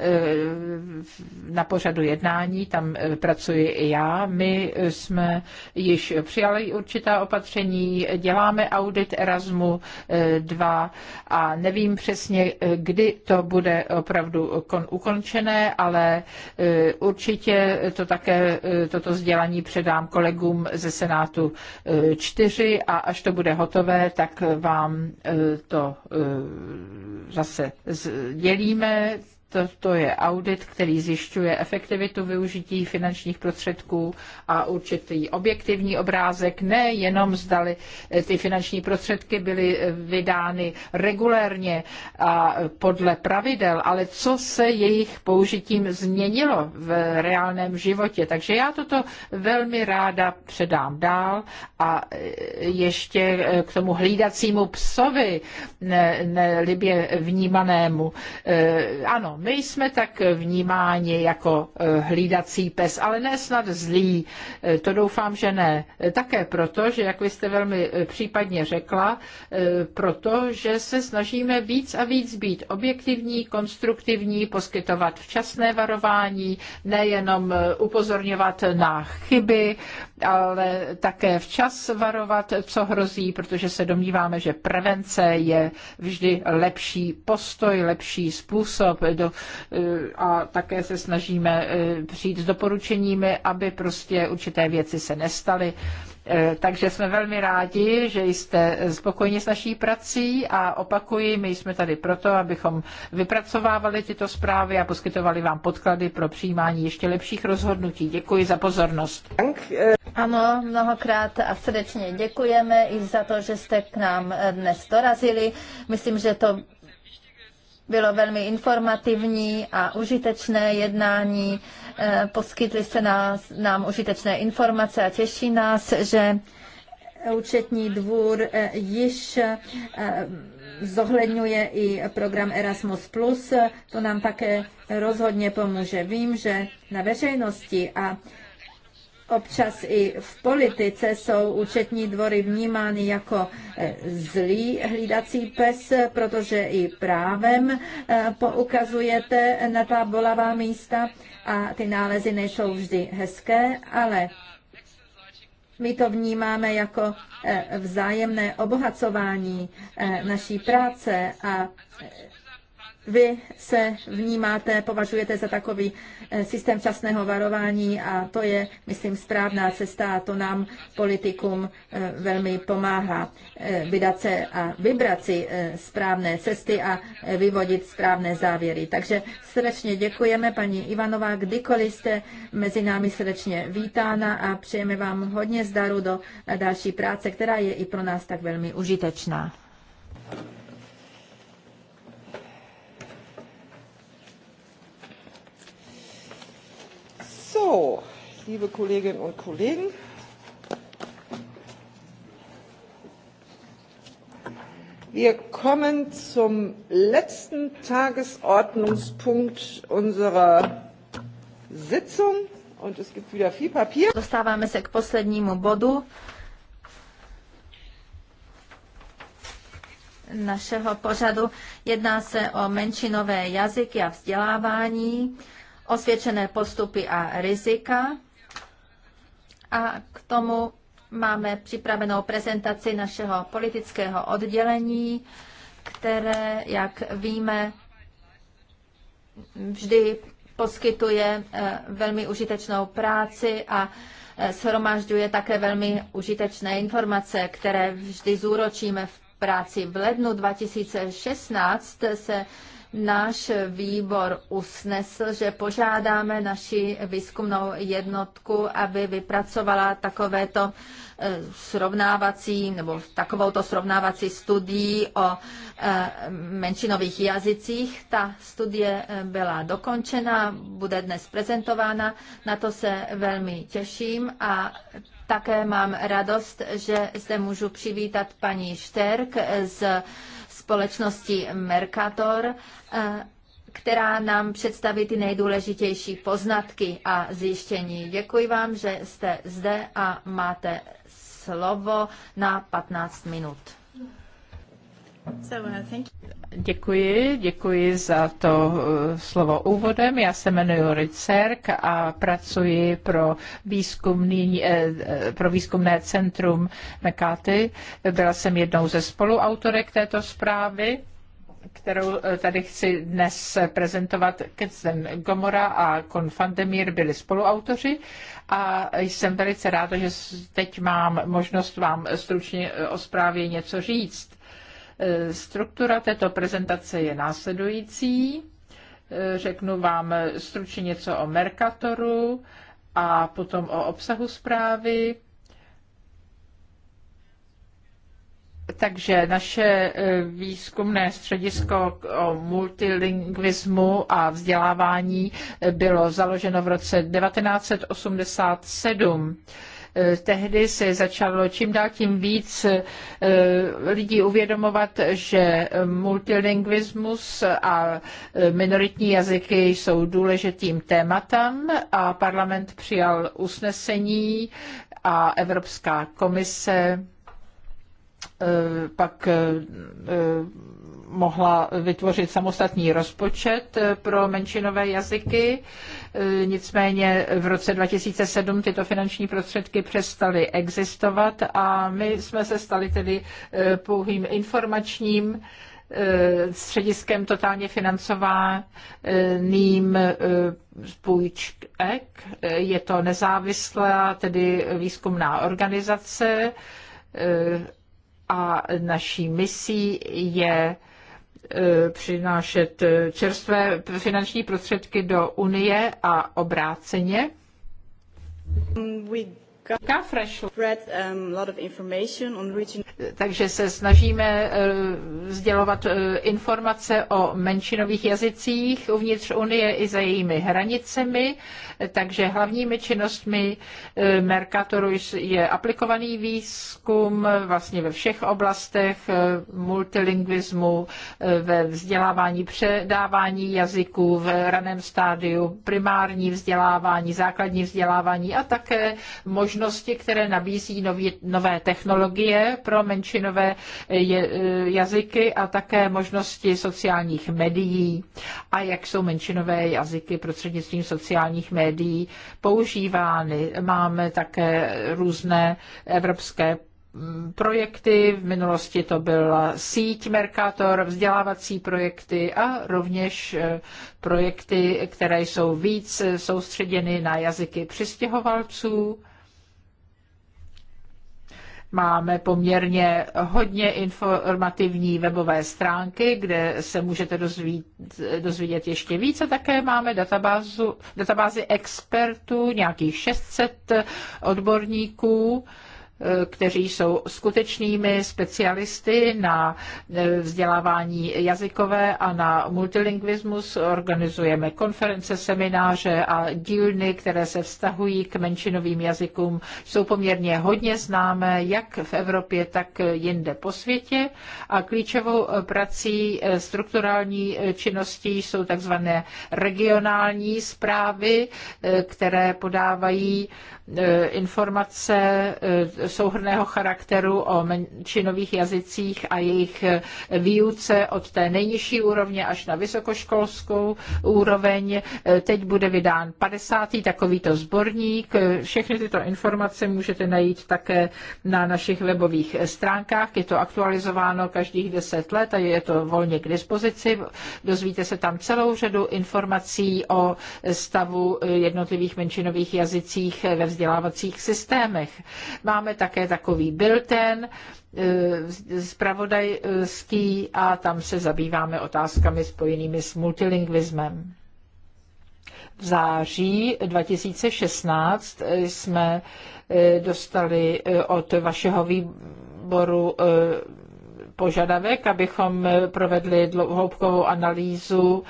na pořadu jednání, tam pracuji i já. My jsme již přijali určitá opatření, děláme audit Erasmu 2 a nevím přesně, přesně, vlastně, eh, kdy to bude opravdu ukončené, ale eh, určitě to také, eh, toto vzdělání předám kolegům ze Senátu 4 a až to bude hotové, tak vám to zase dělíme, to je audit, který zjišťuje efektivitu využití finančních prostředků a určitý objektivní obrázek, ne jenom zdali eh, ty finanční prostředky byly eh, vydány regulérně a podle pravidel, ale co se jejich použitím změnilo v reálném životě. Takže já toto velmi ráda předám dál a eh, ještě k tomu hlídacímu psovi, nelibě ne, vnímanému. Ano, my jsme tak vnímáni jako eh, hlídací pes, ale ne snad zlý, eh, to doufám, že ne. Eh, také proto, že, jak vy jste velmi případně řekla, proto, že se snažíme víc a víc být objektivní, konstruktivní, poskytovat včasné varování, nejenom upozorňovat na chyby, ale také včas varovat, co hrozí, protože se domníváme, že prevence je vždy lepší postoj, lepší způsob do, eh, a také se snažíme eh, přijít s doporučeními, aby prostě určité věci se nestaly Eh, takže jsme velmi rádi, že jste spokojeni s naší prací a opakuji, my jsme tady proto, abychom vypracovávali tyto zprávy a poskytovali vám podklady pro přijímání ještě lepších rozhodnutí. Děkuji za pozornost. Eh. Ano, mnohokrát a srdečně děkujeme i za to, že jste k nám eh, dnes dorazili. Myslím, že to bylo velmi informativní a užitečné jednání. Eh, poskytli se nás, nám užitečné informace a těší nás, že účetní dvůr eh, již eh, zohledňuje i program Erasmus+, to nám také rozhodně pomůže. Vím, že na veřejnosti a občas i v politice jsou účetní dvory vnímány jako zlý hlídací pes, protože i právem poukazujete na ta bolavá místa a ty nálezy nejsou vždy hezké, ale my to vnímáme jako eh, vzájemné obohacování eh, naší práce a eh, vy se vnímáte, považujete za takový eh, systém časného varování a to je, myslím, správná cesta a to nám politikům eh, velmi pomáhá eh, vydat se a vybrat si správné cesty a vyvodit správné závěry. Takže srdečně děkujeme, paní Ivanová, kdykoliv jste mezi námi srdečně vítána a přejeme vám hodně zdaru do další práce, která je i pro nás tak velmi užitečná. So, liebe Kolleginnen und Kollegen, wir kommen zum letzten Tagesordnungspunkt unserer Sitzung und es gibt wieder viel Papier. Dostáváme se k poslednímu bodu našeho pořadu. Jedná se o menšinové jazyky a vzdělávání osvědčené postupy a rizika. A k tomu máme připravenou prezentaci našeho politického oddělení, které, jak víme, vždy poskytuje eh, velmi užitečnou práci a eh, shromažďuje také velmi užitečné informace, které vždy zúročíme v práci. V lednu 2016 se náš výbor usnesl, že požádáme naši výzkumnou jednotku, aby vypracovala takovéto e, srovnávací nebo takovouto srovnávací studii o e, menšinových jazycích. Ta studie e, byla dokončena, bude dnes prezentována, na to se velmi těším a také mám radost, že zde můžu přivítat paní Šterk z společnosti Mercator, eh, která nám představí ty nejdůležitější poznatky a zjištění. Děkuji vám, že jste zde a máte slovo na 15 minut. Uh, děkuji, děkuji za to uh, slovo úvodem. Já se jmenuji Ricerk a pracuji pro, výzkumný, uh, pro výzkumné centrum Mekáty. Byla jsem jednou ze spoluautorek této zprávy kterou tady chci dnes prezentovat. Kecen Gomora a Kon Fandemir byli spoluautoři a jsem velice ráda, že teď mám možnost vám stručně o zprávě něco říct. E, struktura této prezentace je následující. E, řeknu vám stručně něco o Mercatoru a potom o obsahu zprávy. Takže naše e, výzkumné středisko o multilingvismu a vzdělávání bylo založeno v roce 1987. Eh, tehdy se začalo čím dál tím víc eh, lidí uvědomovat, že multilingvismus a eh, minoritní jazyky jsou důležitým tématem a parlament přijal usnesení a Evropská komise pak mohla vytvořit samostatný rozpočet pro menšinové jazyky Eh, nicméně v roce 2007 tyto finanční prostředky přestaly existovat a my jsme se stali tedy eh, pouhým informačním eh, střediskem totálně financovaným půjček. Je to nezávislá, tedy výzkumná organizace a naší misí je Eh, přinášet eh, čerstvé finanční prostředky do Unie a obráceně. Um, Um, Takže se snažíme eh, sdělovat eh, informace o menšinových jazycích uvnitř Unie i za jejími hranicemi. Takže hlavními činnostmi eh, Mercatoru je aplikovaný výzkum vlastně ve všech oblastech multilingvismu, ve vzdělávání, předávání jazyků v raném stádiu, primární vzdělávání, základní vzdělávání a také možnost možnosti, které nabízí nový, nové technologie pro menšinové eh, je, eh, jazyky a také možnosti sociálních médií a jak jsou menšinové jazyky prostřednictvím sociálních médií používány. Máme také různé evropské mm, projekty, v minulosti to byla síť Mercator, vzdělávací projekty a rovněž eh, projekty, které jsou víc soustředěny na jazyky přistěhovalců Máme poměrně hodně informativní webové stránky, kde se můžete dozvít, dozvědět ještě víc a také máme databázu, databázi expertů, nějakých 600 odborníků, kteří jsou skutečnými specialisty na e, vzdělávání jazykové a na multilingvismus. Organizujeme konference, semináře a dílny, které se vztahují k menšinovým jazykům. Jsou poměrně hodně známé jak v Evropě, tak jinde po světě. A klíčovou prací e, strukturální e, činností jsou takzvané regionální zprávy, které podávají informace souhrného charakteru o menšinových jazycích a jejich výuce od té nejnižší úrovně až na vysokoškolskou úroveň. Teď bude vydán 50. takovýto sborník. Všechny tyto informace můžete najít také na našich webových stránkách. Je to aktualizováno každých 10 let a je to volně k dispozici. Dozvíte se tam celou řadu informací o stavu jednotlivých menšinových jazycích ve vzdělávacích systémech. Máme máme také takový bilten eh, zpravodajský a tam se zabýváme otázkami spojenými s multilingvismem. V září 2016 jsme eh, dostali eh, od vašeho výboru požadavek, abychom provedli hloubkovou analýzu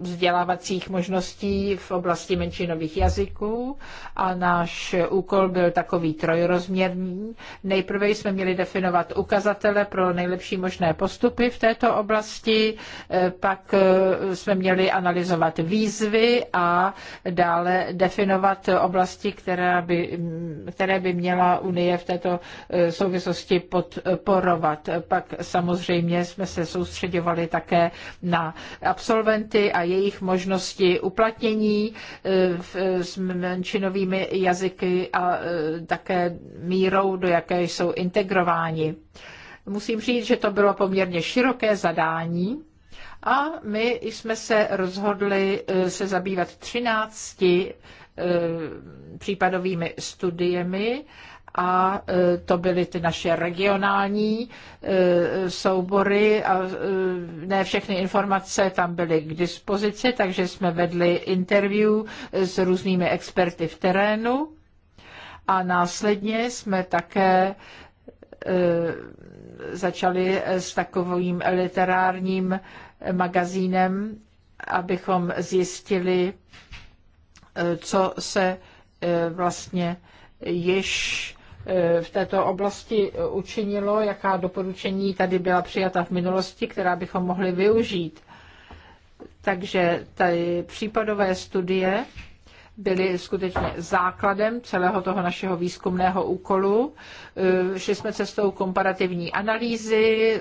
vzdělávacích možností v oblasti menšinových jazyků a náš úkol byl takový trojrozměrný. Nejprve jsme měli definovat ukazatele pro nejlepší možné postupy v této oblasti, eh, pak eh, jsme měli analyzovat výzvy a dále definovat oblasti, které by, mm, které by měla Unie v této eh, souvislosti podporovat. Pak samozřejmě jsme se soustředovali také na absolventy a jejich možnosti uplatnění e, e, s menšinovými jazyky a e, také mírou, do jaké jsou integrováni. Musím říct, že to bylo poměrně široké zadání a my jsme se rozhodli se zabývat 13 případovými studiemi a e, to byly ty naše regionální e, soubory a e, ne všechny informace tam byly k dispozici, takže jsme vedli interview s různými experty v terénu a následně jsme také začali s takovým literárním magazínem, abychom zjistili, co se vlastně již Eh, v této oblasti eh, učinilo, jaká doporučení tady byla přijata v minulosti, která bychom mohli využít. Takže tady případové studie byly skutečně základem celého toho našeho výzkumného úkolu. Eh, šli jsme cestou komparativní analýzy,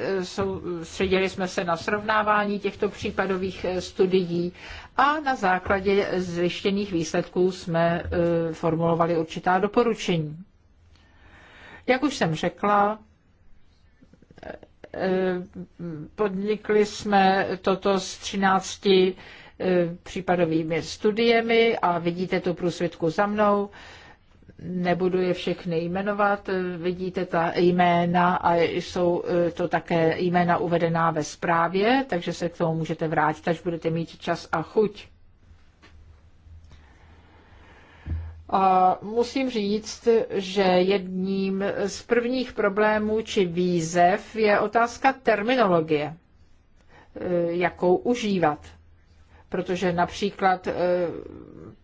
středili jsme se na srovnávání těchto případových studií a na základě zjištěných výsledků jsme formulovali určitá doporučení. Jak už jsem řekla, podnikli jsme toto s 13 e, případovými studiemi a vidíte tu průsvitku za mnou. Nebudu je všechny jmenovat, e, vidíte ta jména a jsou e, to také jména uvedená ve zprávě, takže se k tomu můžete vrátit, až budete mít čas a chuť. A musím říct, že jedním z prvních problémů či výzev je otázka terminologie, e, jakou užívat. Protože například e,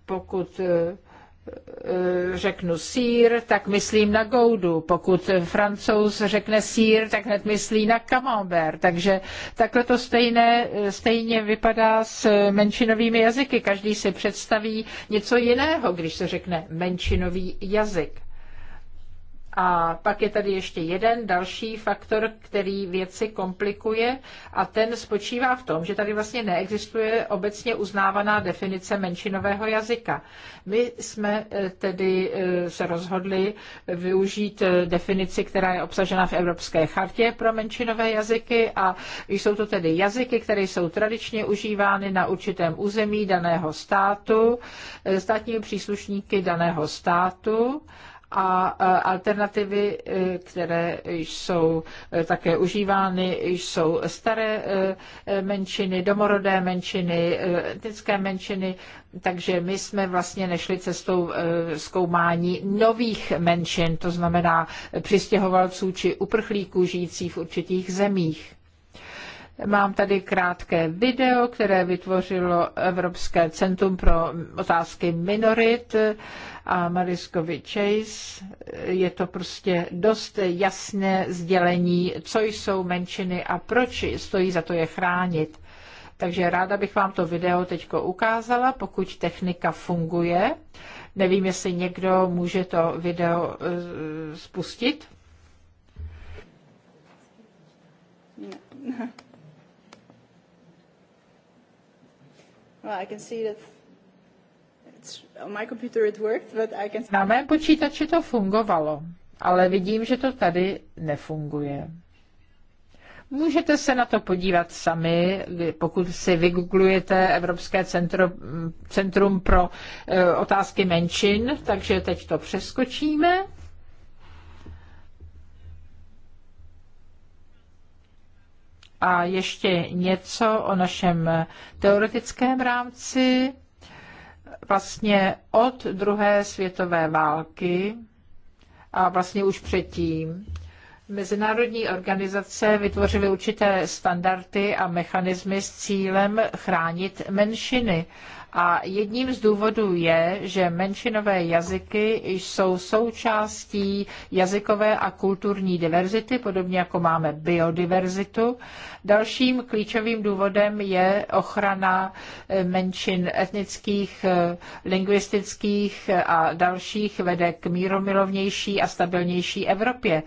pokud e, řeknu sír, tak myslím na goudu. Pokud francouz řekne sír, tak hned myslí na camembert. Takže takhle to stejné, stejně vypadá s menšinovými jazyky. Každý si představí něco jiného, když se řekne menšinový jazyk. A pak je tady ještě jeden další faktor, který věci komplikuje a ten spočívá v tom, že tady vlastně neexistuje obecně uznávaná definice menšinového jazyka. My jsme eh, tedy eh, se rozhodli využít eh, definici, která je obsažena v Evropské chartě pro menšinové jazyky a jsou to tedy jazyky, které jsou tradičně užívány na určitém území daného státu, státními příslušníky daného státu a alternativy, e, které jsou e, také užívány, jsou staré e, menšiny, domorodé menšiny, etnické menšiny, takže my jsme vlastně nešli cestou zkoumání nových menšin, to znamená přistěhovalců či uprchlíků žijících v určitých zemích. Mám tady krátké video, které vytvořilo Evropské centrum pro otázky minorit a Mariskovi Chase. Je to prostě dost jasné sdělení, co jsou menšiny a proč stojí za to je chránit. Takže ráda bych vám to video teď ukázala, pokud technika funguje. Nevím, jestli někdo může to video eh, spustit. [laughs] Well, I can see that it's, on my computer it worked, but I can... Na mém počítači to fungovalo, ale vidím, že to tady nefunguje. Můžete se na to podívat sami, pokud si vygooglujete Evropské centrum, centrum pro e, otázky menšin, takže teď to přeskočíme. A ještě něco o našem teoretickém rámci. Vlastně od druhé světové války a vlastně už předtím mezinárodní organizace vytvořily určité standardy a mechanismy s cílem chránit menšiny. A jedním z důvodů je, že menšinové jazyky jsou součástí jazykové a kulturní diverzity, podobně jako máme biodiverzitu. Dalším klíčovým důvodem je ochrana eh, menšin etnických, eh, lingvistických eh, a dalších vede k míromilovnější a stabilnější Evropě.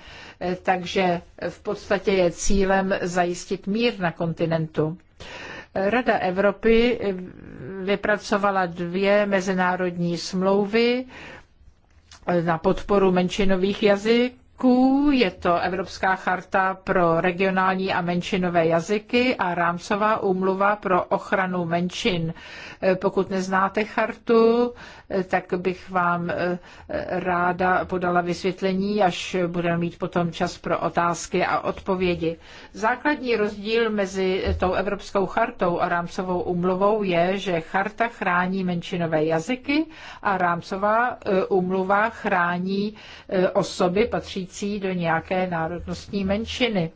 Takže v podstatě je cílem zajistit mír na kontinentu. Rada Evropy vypracovala dvě mezinárodní smlouvy na podporu menšinových jazyk, jazyků, je to Evropská charta pro regionální a menšinové jazyky a rámcová úmluva pro ochranu menšin. Eh, pokud neznáte chartu, eh, tak bych vám eh, ráda podala vysvětlení, až budeme mít potom čas pro otázky a odpovědi. Základní rozdíl mezi tou Evropskou chartou a rámcovou úmluvou je, že charta chrání menšinové jazyky a rámcová úmluva chrání osoby patří patřící do nějaké národnostní menšiny.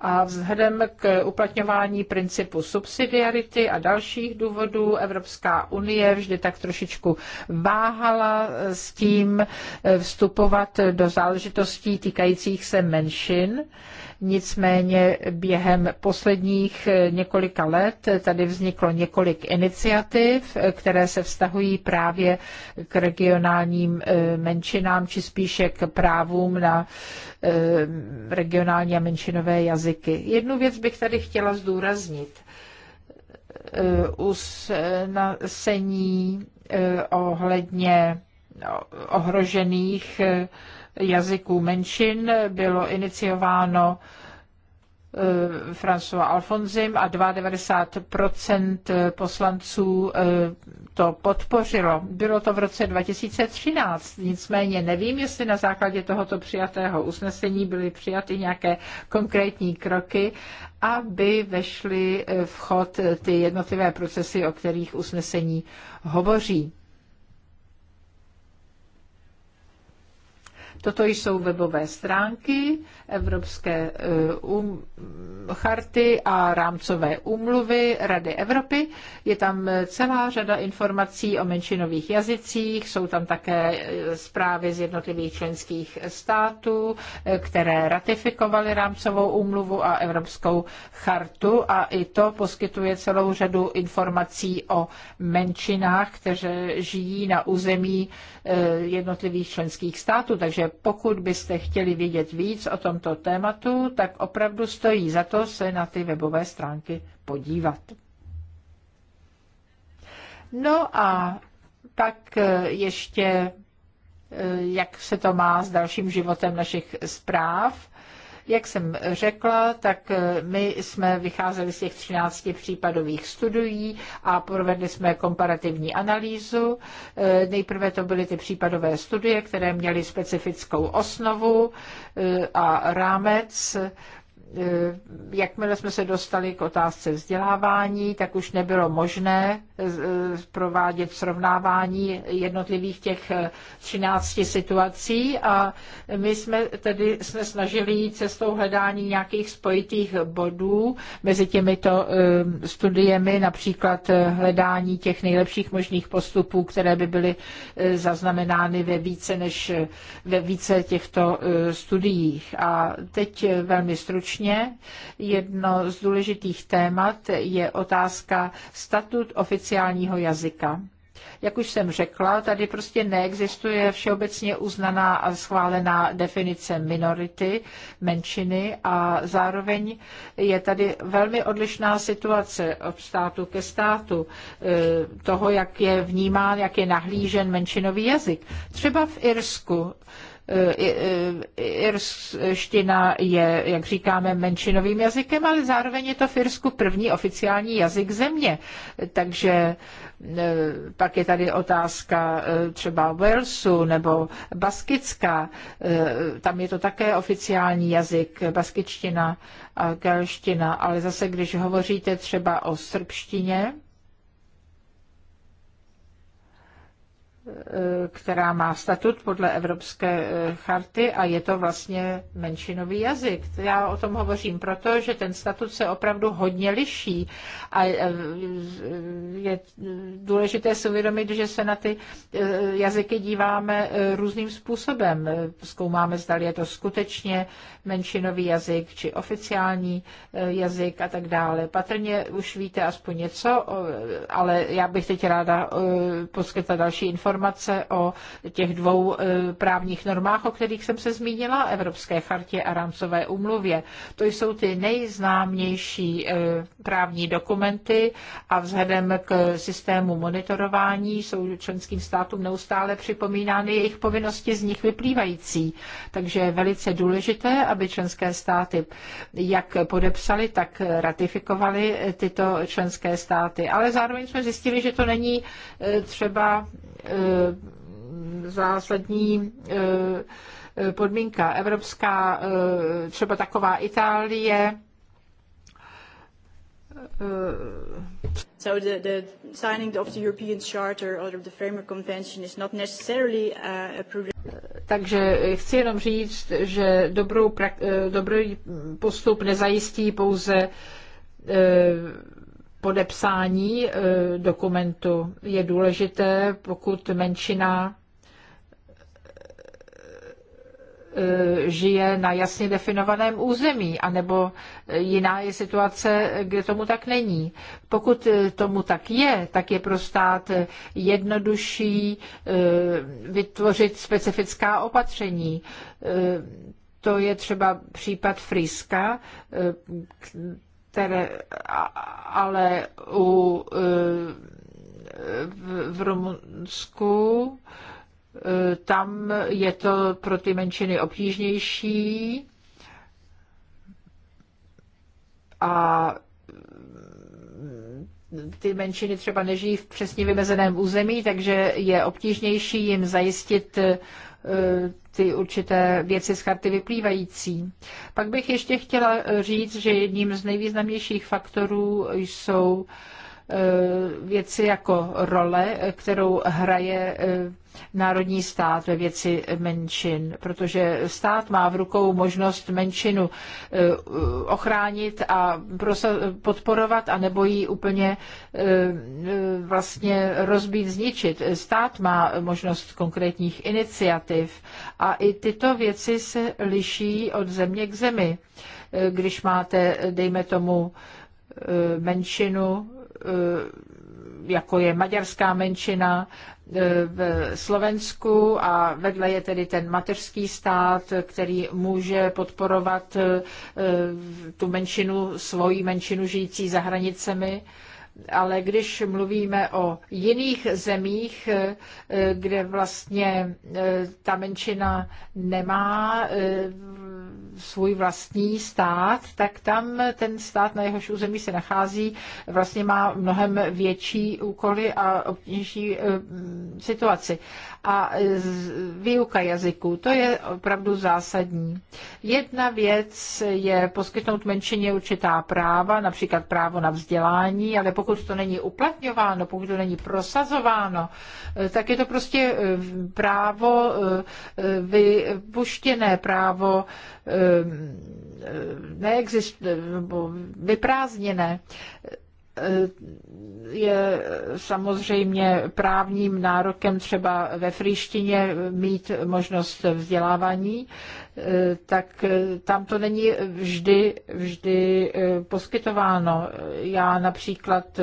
A vzhledem k uplatňování principu subsidiarity a dalších důvodů Evropská unie vždy tak trošičku váhala s tím vstupovat do záležitostí týkajících se menšin Nicméně během posledních několika let tady vzniklo několik iniciativ, které se vztahují právě k regionálním eh, menšinám, či spíše k právům na eh, regionální a menšinové jazyky. Jednu věc bych tady chtěla zdůraznit. Eh, usnesení ohledně ohrožených jazyků menšin bylo iniciováno eh, François Alfonzim a 92 eh, poslanců eh, to podpořilo. Bylo to v roce 2013, nicméně nevím, jestli na základě tohoto přijatého usnesení byly přijaty nějaké konkrétní kroky, aby vešly v chod ty jednotlivé procesy, o kterých usnesení hovoří. Toto jsou webové stránky Evropské eh, um, charty a rámcové úmluvy Rady Evropy. Je tam celá řada informací o menšinových jazycích, jsou tam také eh, zprávy z jednotlivých členských států, eh, které ratifikovaly rámcovou úmluvu a Evropskou chartu a i to poskytuje celou řadu informací o menšinách, které žijí na území jednotlivých členských států. Takže pokud byste chtěli vědět víc o tomto tématu, tak opravdu stojí za to se na ty webové stránky podívat. No a pak eh, ještě, eh, jak se to má s dalším životem našich zpráv. Jak jsem řekla, tak eh, my jsme vycházeli z těch 13 případových studií a provedli jsme komparativní analýzu. Eh, nejprve to byly ty případové studie, které měly specifickou osnovu eh, a rámec Eh, jakmile jsme se dostali k otázce vzdělávání, tak už nebylo možné eh, provádět srovnávání jednotlivých těch 13 eh, situací a my jsme tedy jsme snažili jít cestou hledání nějakých spojitých bodů mezi těmito studiemi, například hledání těch nejlepších možných postupů, které by byly zaznamenány ve více než ve více těchto studiích. A teď velmi stručně stručně. Jedno z důležitých témat je otázka statut oficiálního jazyka. Jak už jsem řekla, tady prostě neexistuje všeobecně uznaná a schválená definice minority, menšiny a zároveň je tady velmi odlišná situace od státu ke státu e, toho, jak je vnímán, jak je nahlížen menšinový jazyk. Třeba v Irsku Irština je, jak říkáme, menšinovým jazykem, ale zároveň je to v Irsku první oficiální jazyk země. Takže e, pak je tady otázka e, třeba Walesu nebo Baskická. E, tam je to také oficiální jazyk, baskičtina a galština, ale zase, když hovoříte třeba o srbštině, Eh, která má statut podle Evropské eh, charty a je to vlastně menšinový jazyk. Já o tom hovořím proto, že ten statut se opravdu hodně liší a eh, je důležité si uvědomit, že se na ty jazyky díváme různým způsobem. Zkoumáme, zda je to skutečně menšinový jazyk či oficiální jazyk a tak dále. Patrně už víte aspoň něco, ale já bych teď ráda poskytla další informace informace o těch dvou e, právních normách, o kterých jsem se zmínila, Evropské chartě a rámcové umluvě. To jsou ty nejznámější e, právní dokumenty a vzhledem k systému monitorování jsou členským státům neustále připomínány jejich povinnosti z nich vyplývající. Takže je velice důležité, aby členské státy jak podepsali, tak ratifikovali tyto členské státy. Ale zároveň jsme zjistili, že to není e, třeba Eh, zásadní eh, podmínka. Evropská, eh, třeba taková Itálie, So the, the signing of the European Charter or the Framework Convention is not necessarily a, a takže chci jenom říct, že dobrou, dobrý postup nezajistí pouze podepsání eh, dokumentu je důležité, pokud menšina eh, žije na jasně definovaném území, anebo eh, jiná je situace, kde tomu tak není. Pokud tomu tak je, tak je pro stát jednodušší vytvořit specifická opatření. To je třeba případ Friska, které, ale u, e, v, v Rumunsku e, tam je to pro ty menšiny obtížnější a ty menšiny třeba nežijí v přesně vymezeném území, takže je obtížnější jim zajistit ty určité věci z charty vyplývající. Pak bych ještě chtěla říct, že jedním z nejvýznamnějších faktorů jsou Eh, věci jako role, kterou hraje eh, národní stát ve věci menšin, protože stát má v rukou možnost menšinu eh, ochránit a podporovat a nebo ji úplně vlastně rozbít, zničit. Stát má možnost konkrétních iniciativ a i tyto věci se liší od země k zemi. Když máte, dejme tomu, menšinu Eh, jako je maďarská menšina eh, v Slovensku a vedle je tedy ten mateřský stát, který může podporovat eh, tu menšinu, svoji menšinu žijící za hranicemi ale když mluvíme o jiných zemích, kde vlastně ta menšina nemá svůj vlastní stát, tak tam ten stát, na jehož území se nachází, vlastně má mnohem větší úkoly a obtížnější eh, situaci. A výuka jazyku, to je opravdu zásadní. Jedna věc je poskytnout menšině určitá práva, například právo na vzdělání, ale pokud to není uplatňováno, pokud to není prosazováno, eh, tak je to prostě eh, právo vypuštěné, právo Ehm, ehm, neexist, nebo vyprázdněné ehm, je samozřejmě právním nárokem třeba ve frýštině mít možnost vzdělávání, tak tam to není vždy, vždy poskytováno. Já například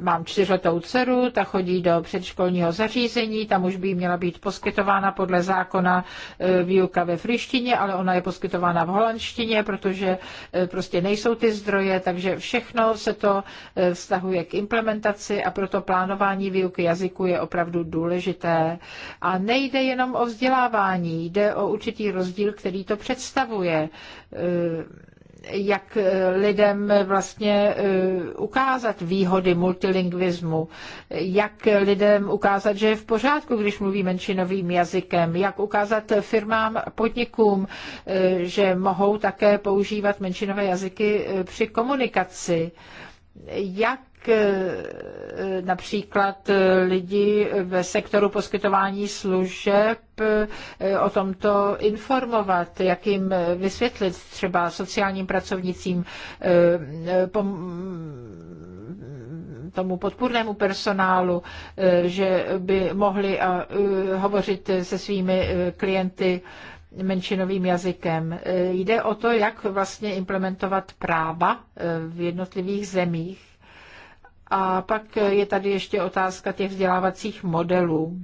mám čtyřletou dceru, ta chodí do předškolního zařízení, tam už by měla být poskytována podle zákona e, výuka ve frištině, ale ona je poskytována v holandštině, protože e, prostě nejsou ty zdroje, takže všechno se to e, vztahuje k implementaci a proto plánování výuky jazyku je opravdu důležité. A nejde jenom o vzdělávání, jde o určitý rozdíl, který to představuje jak eh, lidem eh, vlastně eh, ukázat výhody multilingvismu, jak lidem ukázat, že je v pořádku, když mluví menšinovým jazykem, jak ukázat firmám, podnikům, že mohou také používat menšinové jazyky při komunikaci jak Eh, například eh, lidi ve sektoru poskytování služeb eh, o tomto informovat, jak jim vysvětlit třeba sociálním pracovnicím, tomu podpůrnému personálu, že by mohli hovořit se svými klienty menšinovým jazykem. Jde o to, jak vlastně implementovat práva v jednotlivých zemích a pak je tady ještě otázka těch vzdělávacích modelů.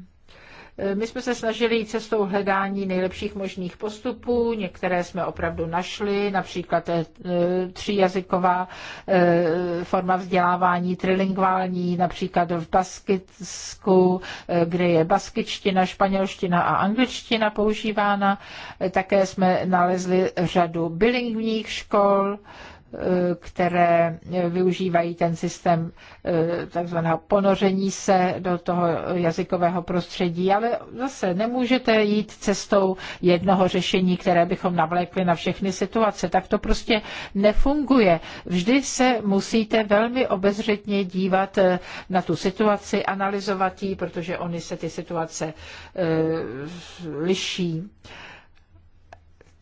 My jsme se snažili jít cestou hledání nejlepších možných postupů, některé jsme opravdu našli, například eh, tříjazyková eh, forma vzdělávání, trilingvální, například v Baskicku, eh, kde je baskičtina, španělština a angličtina používána. Také jsme nalezli řadu bilingvních škol, které využívají ten systém eh, takzvaného ponoření se do toho jazykového prostředí, ale zase nemůžete jít cestou jednoho řešení, které bychom navlékli na všechny situace. Tak to prostě nefunguje. Vždy se musíte velmi obezřetně dívat eh, na tu situaci, analyzovat ji, protože oni se ty situace eh, liší.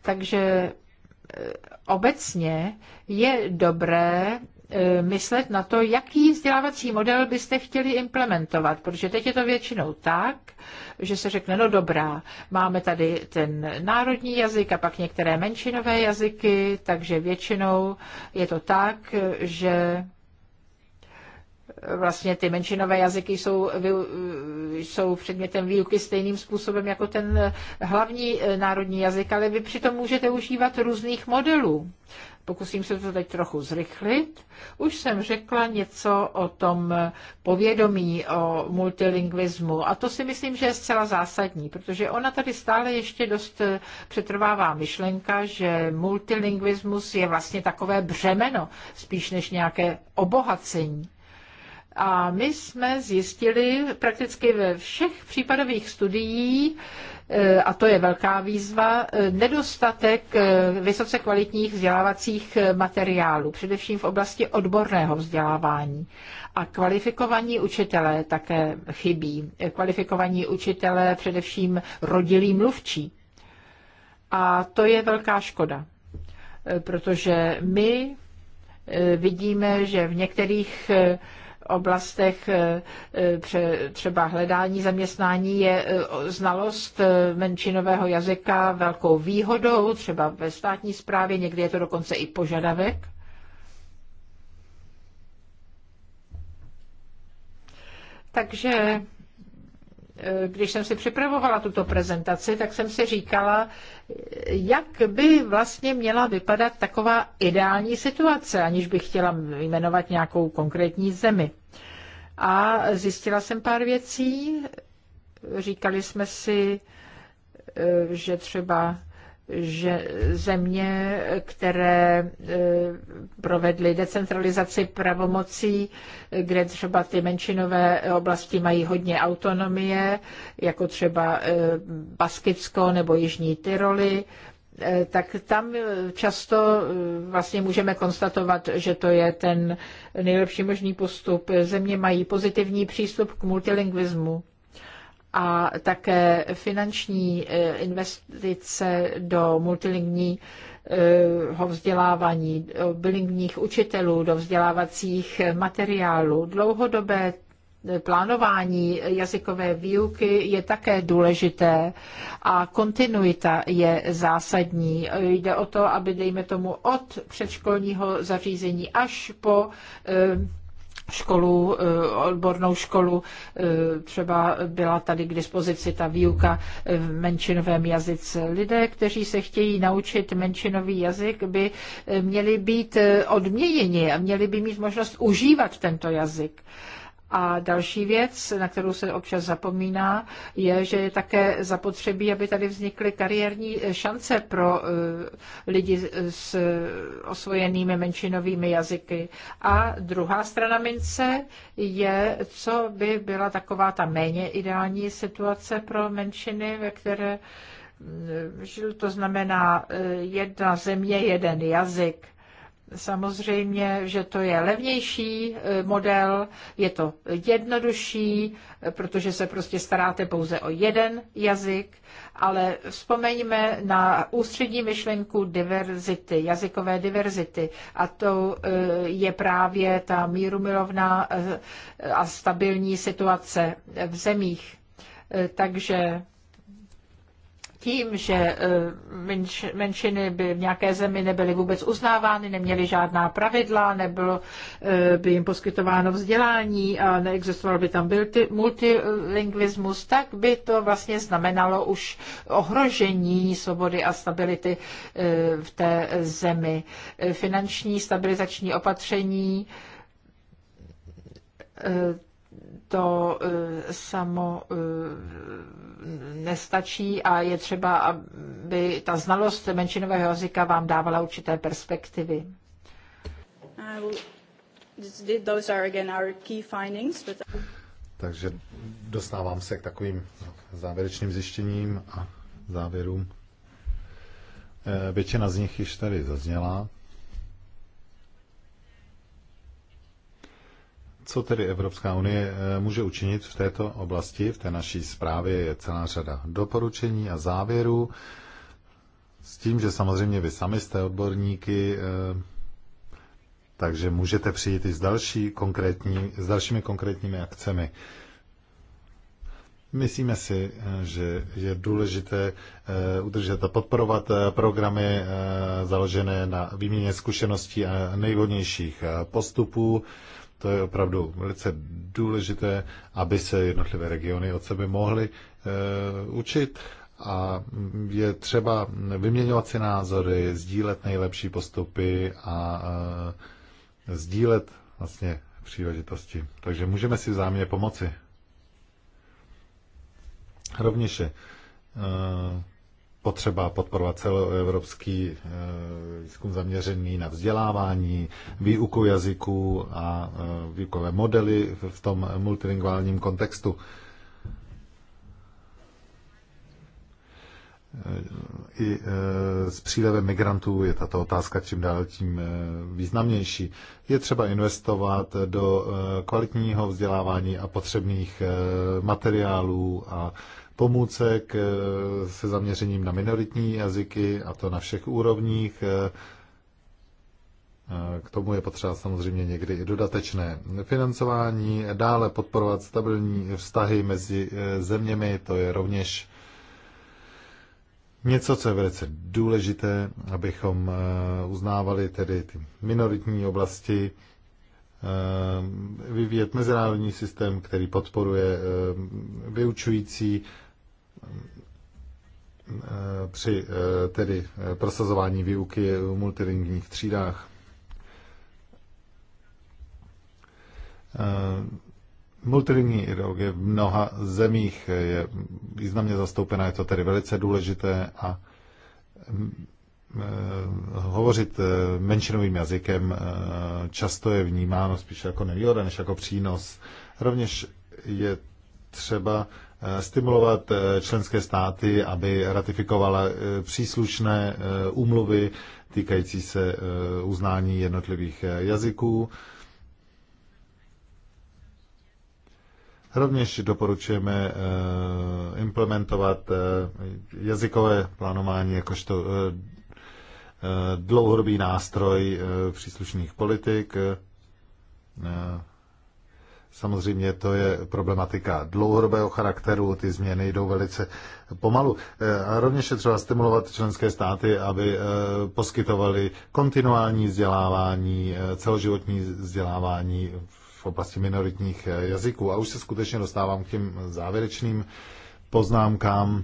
Takže obecně je dobré eh, myslet na to, jaký vzdělávací model byste chtěli implementovat, protože teď je to většinou tak, že se řekne, no dobrá, máme tady ten národní jazyk a pak některé menšinové jazyky, takže většinou je to tak, že vlastně ty menšinové jazyky jsou, jsou předmětem výuky stejným způsobem jako ten hlavní eh, národní jazyk, ale vy přitom můžete užívat různých modelů. Pokusím se to teď trochu zrychlit. Už jsem řekla něco o tom povědomí o multilingvismu a to si myslím, že je zcela zásadní, protože ona tady stále ještě dost eh, přetrvává myšlenka, že multilingvismus je vlastně takové břemeno, spíš než nějaké obohacení. A my jsme zjistili prakticky ve všech případových studiích, eh, a to je velká výzva, eh, nedostatek eh, vysoce kvalitních vzdělávacích materiálů, především v oblasti odborného vzdělávání. A kvalifikovaní učitelé také chybí. Kvalifikovaní učitelé především rodilí mluvčí. A to je velká škoda, protože my vidíme, že v některých oblastech eh, eh, třeba hledání zaměstnání je eh, znalost menšinového jazyka velkou výhodou, třeba ve státní správě, někdy je to dokonce i požadavek. Takže když jsem si připravovala tuto prezentaci, tak jsem si říkala, jak by vlastně měla vypadat taková ideální situace, aniž bych chtěla jmenovat nějakou konkrétní zemi. A zjistila jsem pár věcí. Říkali jsme si, že třeba že země, které e, provedly decentralizaci pravomocí, kde třeba ty menšinové oblasti mají hodně autonomie, jako třeba e, Baskicko nebo Jižní Tyroly, e, tak tam často vlastně můžeme konstatovat, že to je ten nejlepší možný postup. Země mají pozitivní přístup k multilingvismu a také finanční eh, investice do multilingního eh, vzdělávání, do bilingvních učitelů, do vzdělávacích materiálů, dlouhodobé eh, plánování jazykové výuky je také důležité a kontinuita je zásadní. Jde o to, aby, dejme tomu, od předškolního zařízení až po školu, eh, odbornou školu, eh, třeba byla tady k dispozici ta výuka eh, v menšinovém jazyce. Lidé, kteří se chtějí naučit menšinový jazyk, by měli být odměněni a měli by mít možnost užívat tento jazyk. A další věc, na kterou se občas zapomíná, je, že je také zapotřebí, aby tady vznikly kariérní šance pro eh, lidi s osvojenými menšinovými jazyky. A druhá strana mince je, co by byla taková ta méně ideální situace pro menšiny, ve které mm, to znamená eh, jedna země, jeden jazyk Samozřejmě, že to je levnější eh, model, je to jednodušší, eh, protože se prostě staráte pouze o jeden jazyk, ale vzpomeňme na ústřední myšlenku diverzity, jazykové diverzity. A to eh, je právě ta mírumilovná a stabilní situace v zemích. Takže tím, že e, menšiny by v nějaké zemi nebyly vůbec uznávány, neměly žádná pravidla, nebylo e, by jim poskytováno vzdělání a neexistoval by tam multilingvismus, tak by to vlastně znamenalo už ohrožení svobody a stability e, v té zemi. Finanční stabilizační opatření to eh, samo eh, nestačí a je třeba, aby ta znalost menšinového jazyka vám dávala určité perspektivy. Uh, Takže dostávám se k takovým závěrečným zjištěním a závěrům. Eh, většina z nich již tady zazněla. Co tedy Evropská unie eh, může učinit v této oblasti? V té naší zprávě je celá řada doporučení a závěrů. S tím, že samozřejmě vy sami jste odborníky, eh, takže můžete přijít i s, další konkrétní, s dalšími konkrétními akcemi. Myslíme si, eh, že je důležité udržet a podporovat programy založené na výměně zkušeností a nejvhodnějších postupů. To je opravdu velice důležité, aby se jednotlivé regiony od sebe mohly eh, učit a je třeba vyměňovat si názory, sdílet nejlepší postupy a eh, sdílet vlastně příležitosti. Takže můžeme si vzájemně pomoci. Rovněž je eh, potřeba podporovat celoevropský eh, výzkum zaměřený na vzdělávání, výuku jazyků a eh, výukové modely v tom multilingválním kontextu. Eh, I s přílevem migrantů je tato otázka čím dál tím významnější. Je třeba investovat do kvalitního vzdělávání a potřebných materiálů a pomůcek eh, se zaměřením na minoritní jazyky, a to na všech úrovních. Eh, eh, k tomu je potřeba samozřejmě někdy i dodatečné financování, dále podporovat stabilní vztahy mezi zeměmi, to je rovněž něco, co je velice důležité, abychom uznávali tedy ty minoritní oblasti, vyvíjet mezinárodní systém, který podporuje vyučující při eh, tedy eh, prosazování výuky v multilingvních třídách. Eh, Multilingvní ideologie v mnoha zemích je významně zastoupena, je to tedy velice důležité a hovořit menšinovým jazykem často je vnímáno spíše jako nevýhoda než jako přínos. Rovněž je třeba stimulovat eh, členské státy, aby ratifikovala eh, příslušné eh, úmluvy týkající se uznání jednotlivých jazyků. Rovněž doporučujeme implementovat jazykové plánování jakožto dlouhodobý nástroj příslušných politik. Samozřejmě to je problematika dlouhodobého charakteru, ty změny jdou velice pomalu. Eh, a rovněž je třeba stimulovat členské státy, aby eh, poskytovali kontinuální vzdělávání, eh, celoživotní vzdělávání v oblasti minoritních jazyků. A už se skutečně dostávám k těm závěrečným poznámkám.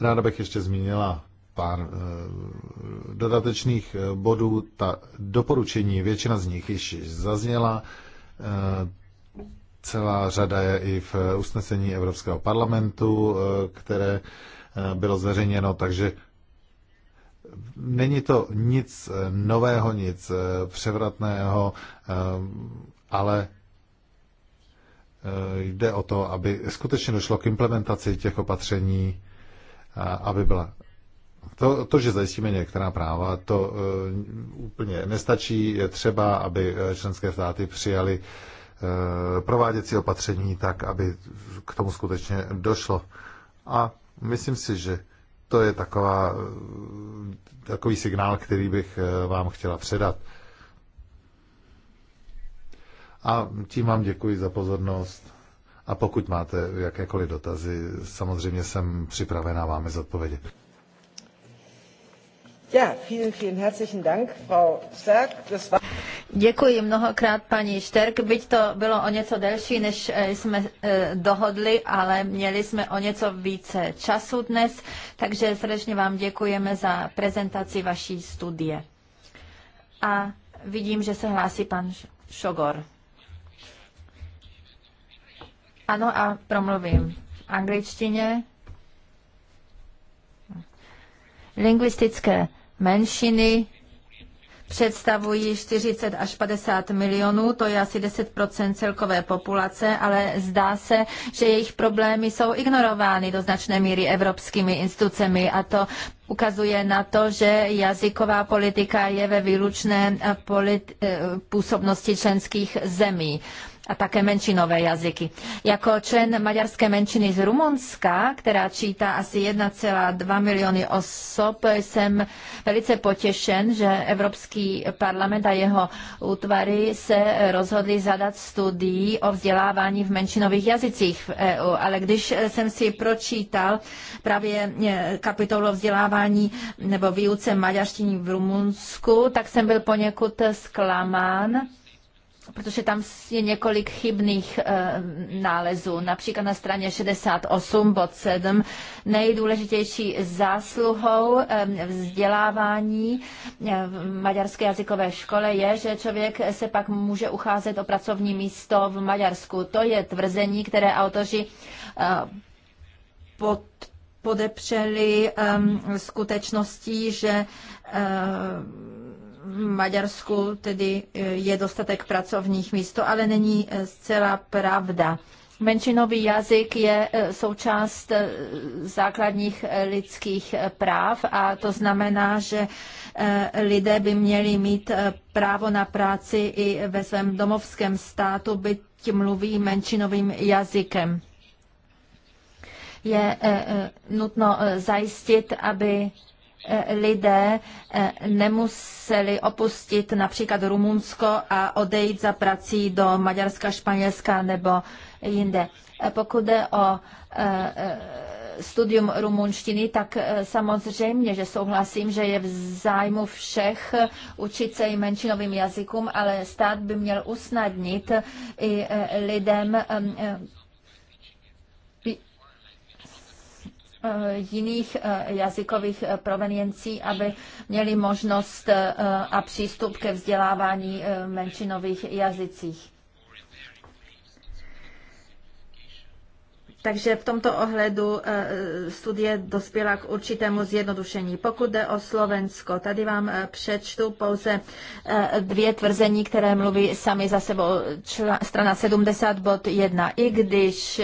Ráda bych ještě zmínila pár dodatečných bodů. Ta doporučení, většina z nich již zazněla. Eh, celá řada je i v usnesení Evropského parlamentu, eh, které eh, bylo zveřejněno, takže není to nic nového, nic převratného, ale jde o to, aby skutečně došlo k implementaci těch opatření, aby byla to, to, že zajistíme některá práva, to uh, úplně nestačí. Je třeba, aby eh, členské státy přijali uh, eh, prováděcí opatření tak, aby k tomu skutečně došlo. A myslím si, že to je taková, takový signál, který bych vám chtěla předat. A tím vám děkuji za pozornost. A pokud máte jakékoliv dotazy, samozřejmě jsem připravená vám je zodpovědět. Děkuji mnohokrát paní Šterk, byť to bylo o něco delší, než eh, jsme eh, dohodli, ale měli jsme o něco více času dnes, takže srdečně vám děkujeme za prezentaci vaší studie. A vidím, že se hlásí pan Šogor. Ano a promluvím v angličtině. Lingvistické menšiny představují 40 až 50 milionů, to je asi 10 celkové populace, ale zdá se, že jejich problémy jsou ignorovány do značné míry evropskými institucemi a to ukazuje na to, že jazyková politika je ve výlučné eh, působnosti členských zemí a také menšinové jazyky. Jako člen maďarské menšiny z Rumunska, která čítá asi 1,2 miliony osob, jsem velice potěšen, že Evropský parlament a jeho útvary se rozhodli zadat studii o vzdělávání v menšinových jazycích v EU. Ale když jsem si pročítal právě eh, kapitolu o vzdělávání nebo výuce maďarštiny v Rumunsku, tak jsem byl poněkud zklamán protože tam je několik chybných e, nálezů. Například na straně 68 bod 7 nejdůležitější zásluhou e, vzdělávání eh, v maďarské jazykové škole je, že člověk se pak může ucházet o pracovní místo v Maďarsku. To je tvrzení, které autoři e, pod podepřeli um, skutečností, že uh, v Maďarsku tedy e, je dostatek pracovních míst, to ale není e, zcela pravda. Menšinový jazyk je e, součást základních lidských práv a to znamená, že lidé by měli mít právo na práci i ve svém domovském státu, byť mluví menšinovým jazykem. Je nutno zajistit, aby lidé eh, nemuseli opustit například Rumunsko a odejít za prací do Maďarska, Španělska nebo jinde. Eh, pokud jde o eh, studium rumunštiny, tak samozřejmě, že souhlasím, že je v zájmu všech učit se i menšinovým jazykům, ale stát by měl usnadnit i lidem Eh, jiných eh, jazykových eh, proveniencí, aby měli možnost a přístup ke vzdělávání v menšinových jazycích. Takže v tomto ohledu studie dospěla k určitému zjednodušení. Pokud jde o Slovensko, tady vám přečtu pouze dvě tvrzení, které mluví sami za sebou. strana 70 bod 1. I když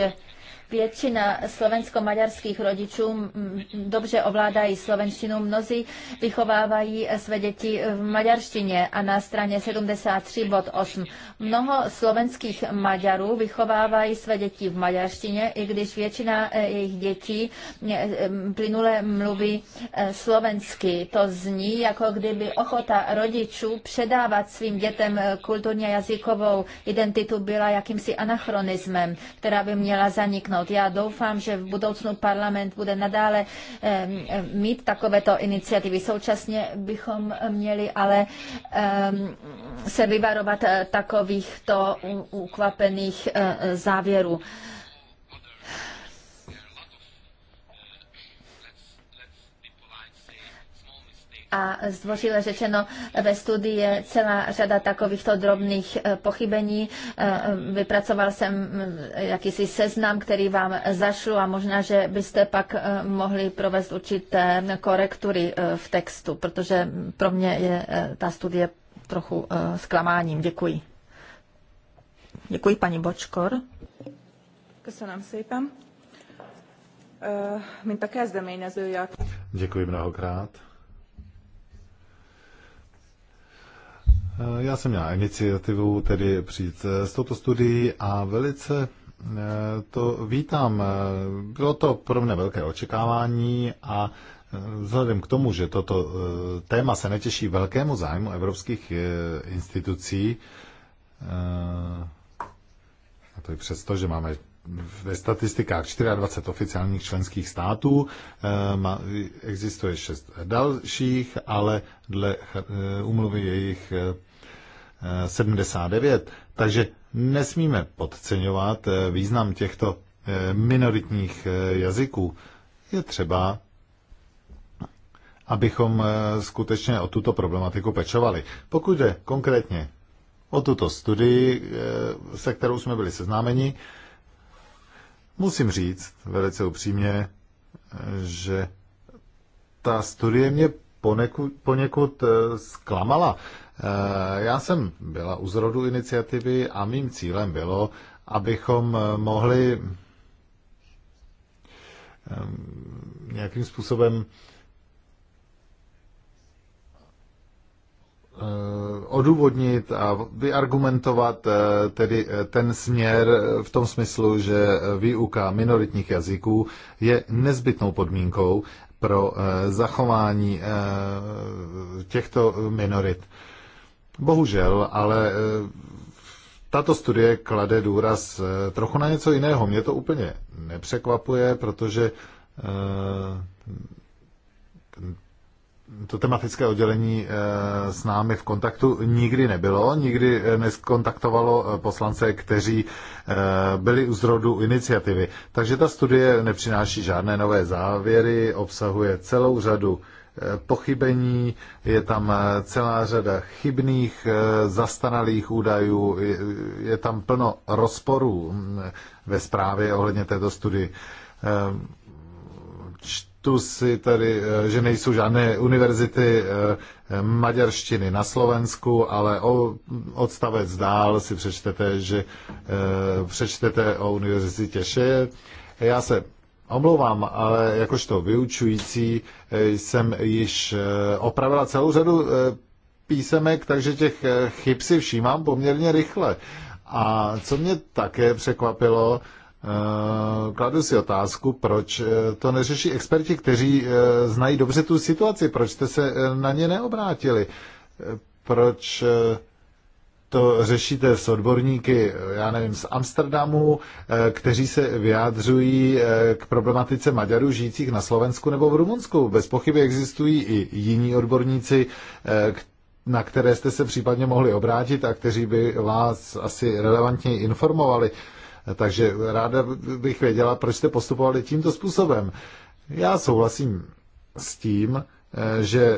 Většina slovensko-maďarských rodičů dobře ovládají slovenštinu, mnozí vychovávají své děti v maďarštině a na straně 73 bod 8. Mnoho slovenských Maďarů vychovávají své děti v maďarštině, i když většina e, jejich dětí e, plynule mluví e, slovensky. To zní, jako kdyby ochota rodičů předávat svým dětem kulturně jazykovou identitu byla jakýmsi anachronismem, která by měla zaniknout dosáhnout. Já doufám, že v budoucnu parlament bude nadále mít takovéto iniciativy. Současně bychom měli ale se vyvarovat eh, takovýchto ukvapených eh, závěrů. a zdvořile řečeno ve studii je celá řada takovýchto drobných eh, pochybení. Eh, eh, vypracoval jsem mm, jakýsi seznam, který vám zašlu a možná, že byste pak mohli provést určité korektury v textu, protože pro mě je ta studie trochu zklamáním. Děkuji. Děkuji, paní Bočkor. Köszönöm szépen. Mint a kezdeményezője. Děkuji mnohokrát. Eh, já jsem měl iniciativu tedy přijít eh, s touto studií a velice eh, to vítám. Bylo to pro mě velké očekávání a vzhledem k tomu, že toto téma se netěší velkému zájmu evropských institucí, a to i přesto, že máme ve statistikách 24 oficiálních členských států, existuje 6 dalších, ale dle umluvy jejich 79. Takže nesmíme podceňovat eh, význam těchto eh, minoritních eh, jazyků. Je třeba, abychom skutečně o tuto problematiku pečovali. Pokud jde konkrétně o tuto studii, se kterou jsme byli seznámeni, musím říct velice upřímně, že ta studie mě poněkud, poněkud zklamala. Eh, já jsem byla u zrodu iniciativy a mým cílem bylo, abychom eh, mohli ehm, nějakým způsobem eh, odůvodnit a vyargumentovat tedy ten směr v tom smyslu, že výuka minoritních jazyků je nezbytnou podmínkou pro zachování těchto minorit. Bohužel, ale e, tato studie klade důraz e, trochu na něco jiného. Mě to úplně nepřekvapuje, protože e, to tematické oddělení s námi v kontaktu nikdy nebylo, nikdy neskontaktovalo poslance, kteří byli u zrodu iniciativy. Takže ta studie nepřináší žádné nové závěry, obsahuje celou řadu pochybení, je tam eh, celá řada chybných, eh, zastaralých údajů, je tam plno rozporů mm, ve zprávě ohledně této studii. Eh, čtu si tady, že nejsou žádné univerzity maďarštiny na Slovensku, ale o odstavec dál si přečtete, že přečtete o univerzitě Šeje. Já se Omlouvám, ale jakožto vyučující eh, jsem již eh, opravila celou řadu eh, písemek, takže těch chyb si všímám poměrně rychle. A co mě také překvapilo, kladu si otázku, proč to neřeší experti, kteří znají dobře tu situaci, proč jste se na ně neobrátili, proč to řešíte s odborníky, já nevím, z Amsterdamu, eh, kteří se vyjádřují eh, k problematice Maďarů žijících na Slovensku nebo v Rumunsku. Bez pochyby existují i jiní odborníci, eh, na které jste se případně mohli obrátit a kteří by vás asi relevantně informovali. Takže ráda bych věděla, proč jste postupovali tímto způsobem. Já souhlasím s tím, Eh, že eh,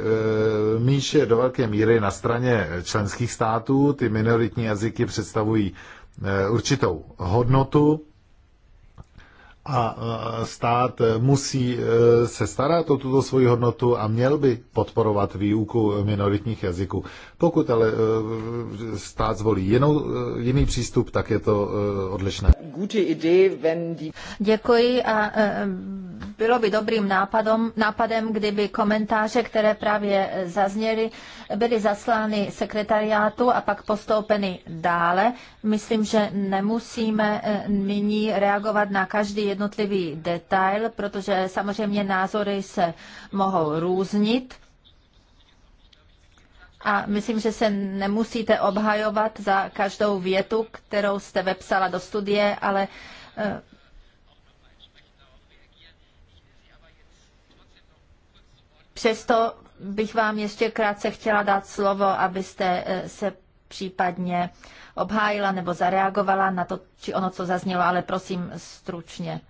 míš je do velké míry na straně členských států, ty minoritní jazyky představují eh, určitou hodnotu a stát musí e, se starat o tuto svoji hodnotu a měl by podporovat výuku minoritních jazyků. Pokud ale e, stát zvolí jinou, e, jiný přístup, tak je to odlišné. Děkuji a bylo by dobrým nápadom, nápadem, kdyby komentáře, které právě zazněly, byly zaslány sekretariátu a pak postoupeny dále. Myslím, že nemusíme nyní reagovat na každý jednotlivý detail, protože samozřejmě názory se mohou různit. A myslím, že se nemusíte obhajovat za každou větu, kterou jste vepsala do studie, ale eh, přesto bych vám ještě krátce chtěla dát slovo, abyste eh, se případně uh, obhájila nebo zareagovala na to, či ono, co zaznělo, ale prosím stručně.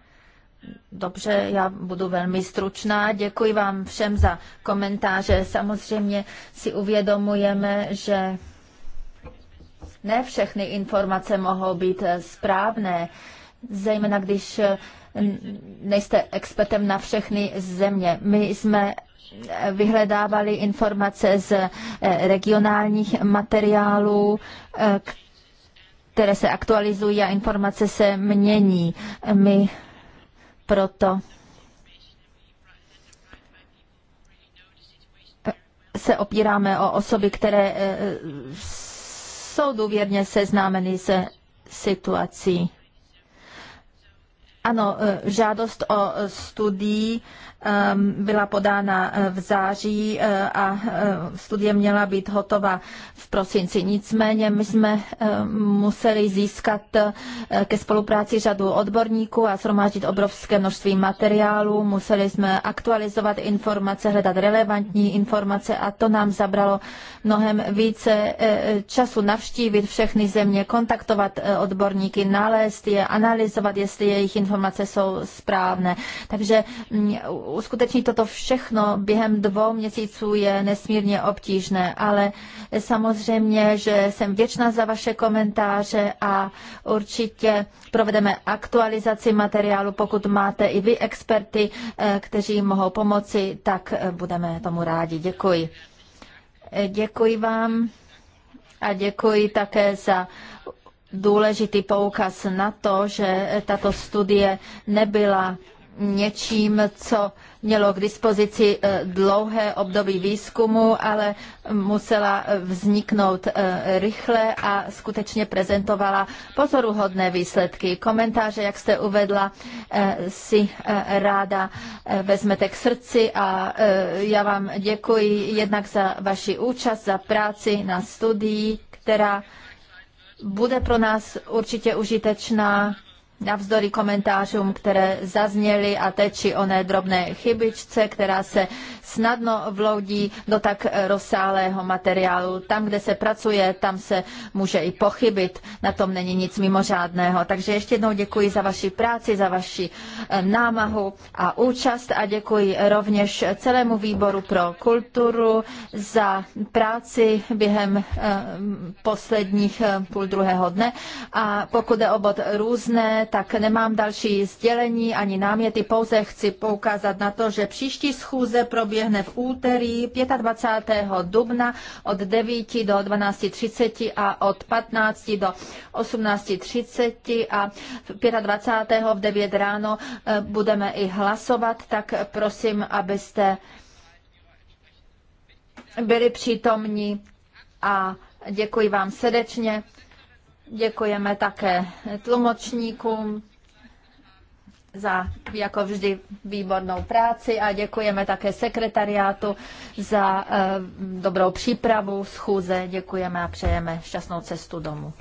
Dobře, já budu velmi stručná. Děkuji vám všem za komentáře. Samozřejmě si uvědomujeme, že ne všechny informace mohou být správné, zejména když nejste expertem na všechny země. My jsme vyhledávali informace z regionálních materiálů, které se aktualizují a informace se mění. My proto se opíráme o osoby, které eh, jsou důvěrně seznámeny se situací. Ano, eh, žádost o studii Um, byla podána uh, v září uh, a uh, studie měla být hotová v prosinci. Nicméně my jsme museli získat ke spolupráci řadu odborníků a shromáždit obrovské množství materiálu. Museli jsme aktualizovat informace, hledat relevantní informace a to nám zabralo mnohem více času navštívit všechny země, kontaktovat odborníky, nalézt je, analyzovat, jestli jejich informace jsou správné. Takže mm, uskutečnit toto všechno během dvou měsíců je nesmírně obtížné, ale samozřejmě, že jsem věčná za vaše komentáře a určitě provedeme aktualizaci materiálu. Pokud máte i vy experty, eh, kteří mohou pomoci, tak eh, budeme tomu rádi. Děkuji. Eh, děkuji vám a děkuji také za důležitý poukaz na to, že tato studie nebyla něčím, co mělo k dispozici eh, dlouhé období výzkumu, ale musela vzniknout eh, rychle a skutečně prezentovala pozoruhodné výsledky. Komentáře, jak jste uvedla, eh, si ráda vezmete k srdci a já vám děkuji jednak za vaši účast, za práci na studii, která bude pro nás určitě užitečná navzdory komentářům, které zazněly a teči či oné drobné chybičce, která se snadno vloudí do tak rozsáhlého materiálu. Tam, kde se pracuje, tam se může i pochybit. Na tom není nic mimořádného. Takže ještě jednou děkuji za vaši práci, za vaši eh, námahu a účast a děkuji rovněž celému výboru pro kulturu za práci během eh, posledních eh, půl druhého dne. A pokud je o bod různé, tak nemám další sdělení ani náměty, pouze chci poukázat na to, že příští schůze proběhne v úterý 25. dubna od 9 do 12.30 a od 15 do 18.30 a 25. v 9 ráno eh, budeme i hlasovat, tak prosím, abyste byli přítomní a děkuji vám srdečně. Děkujeme také tlumočníkům za jako vždy výbornou práci a děkujeme také sekretariátu za eh, dobrou přípravu schůze. Děkujeme a přejeme šťastnou cestu domů.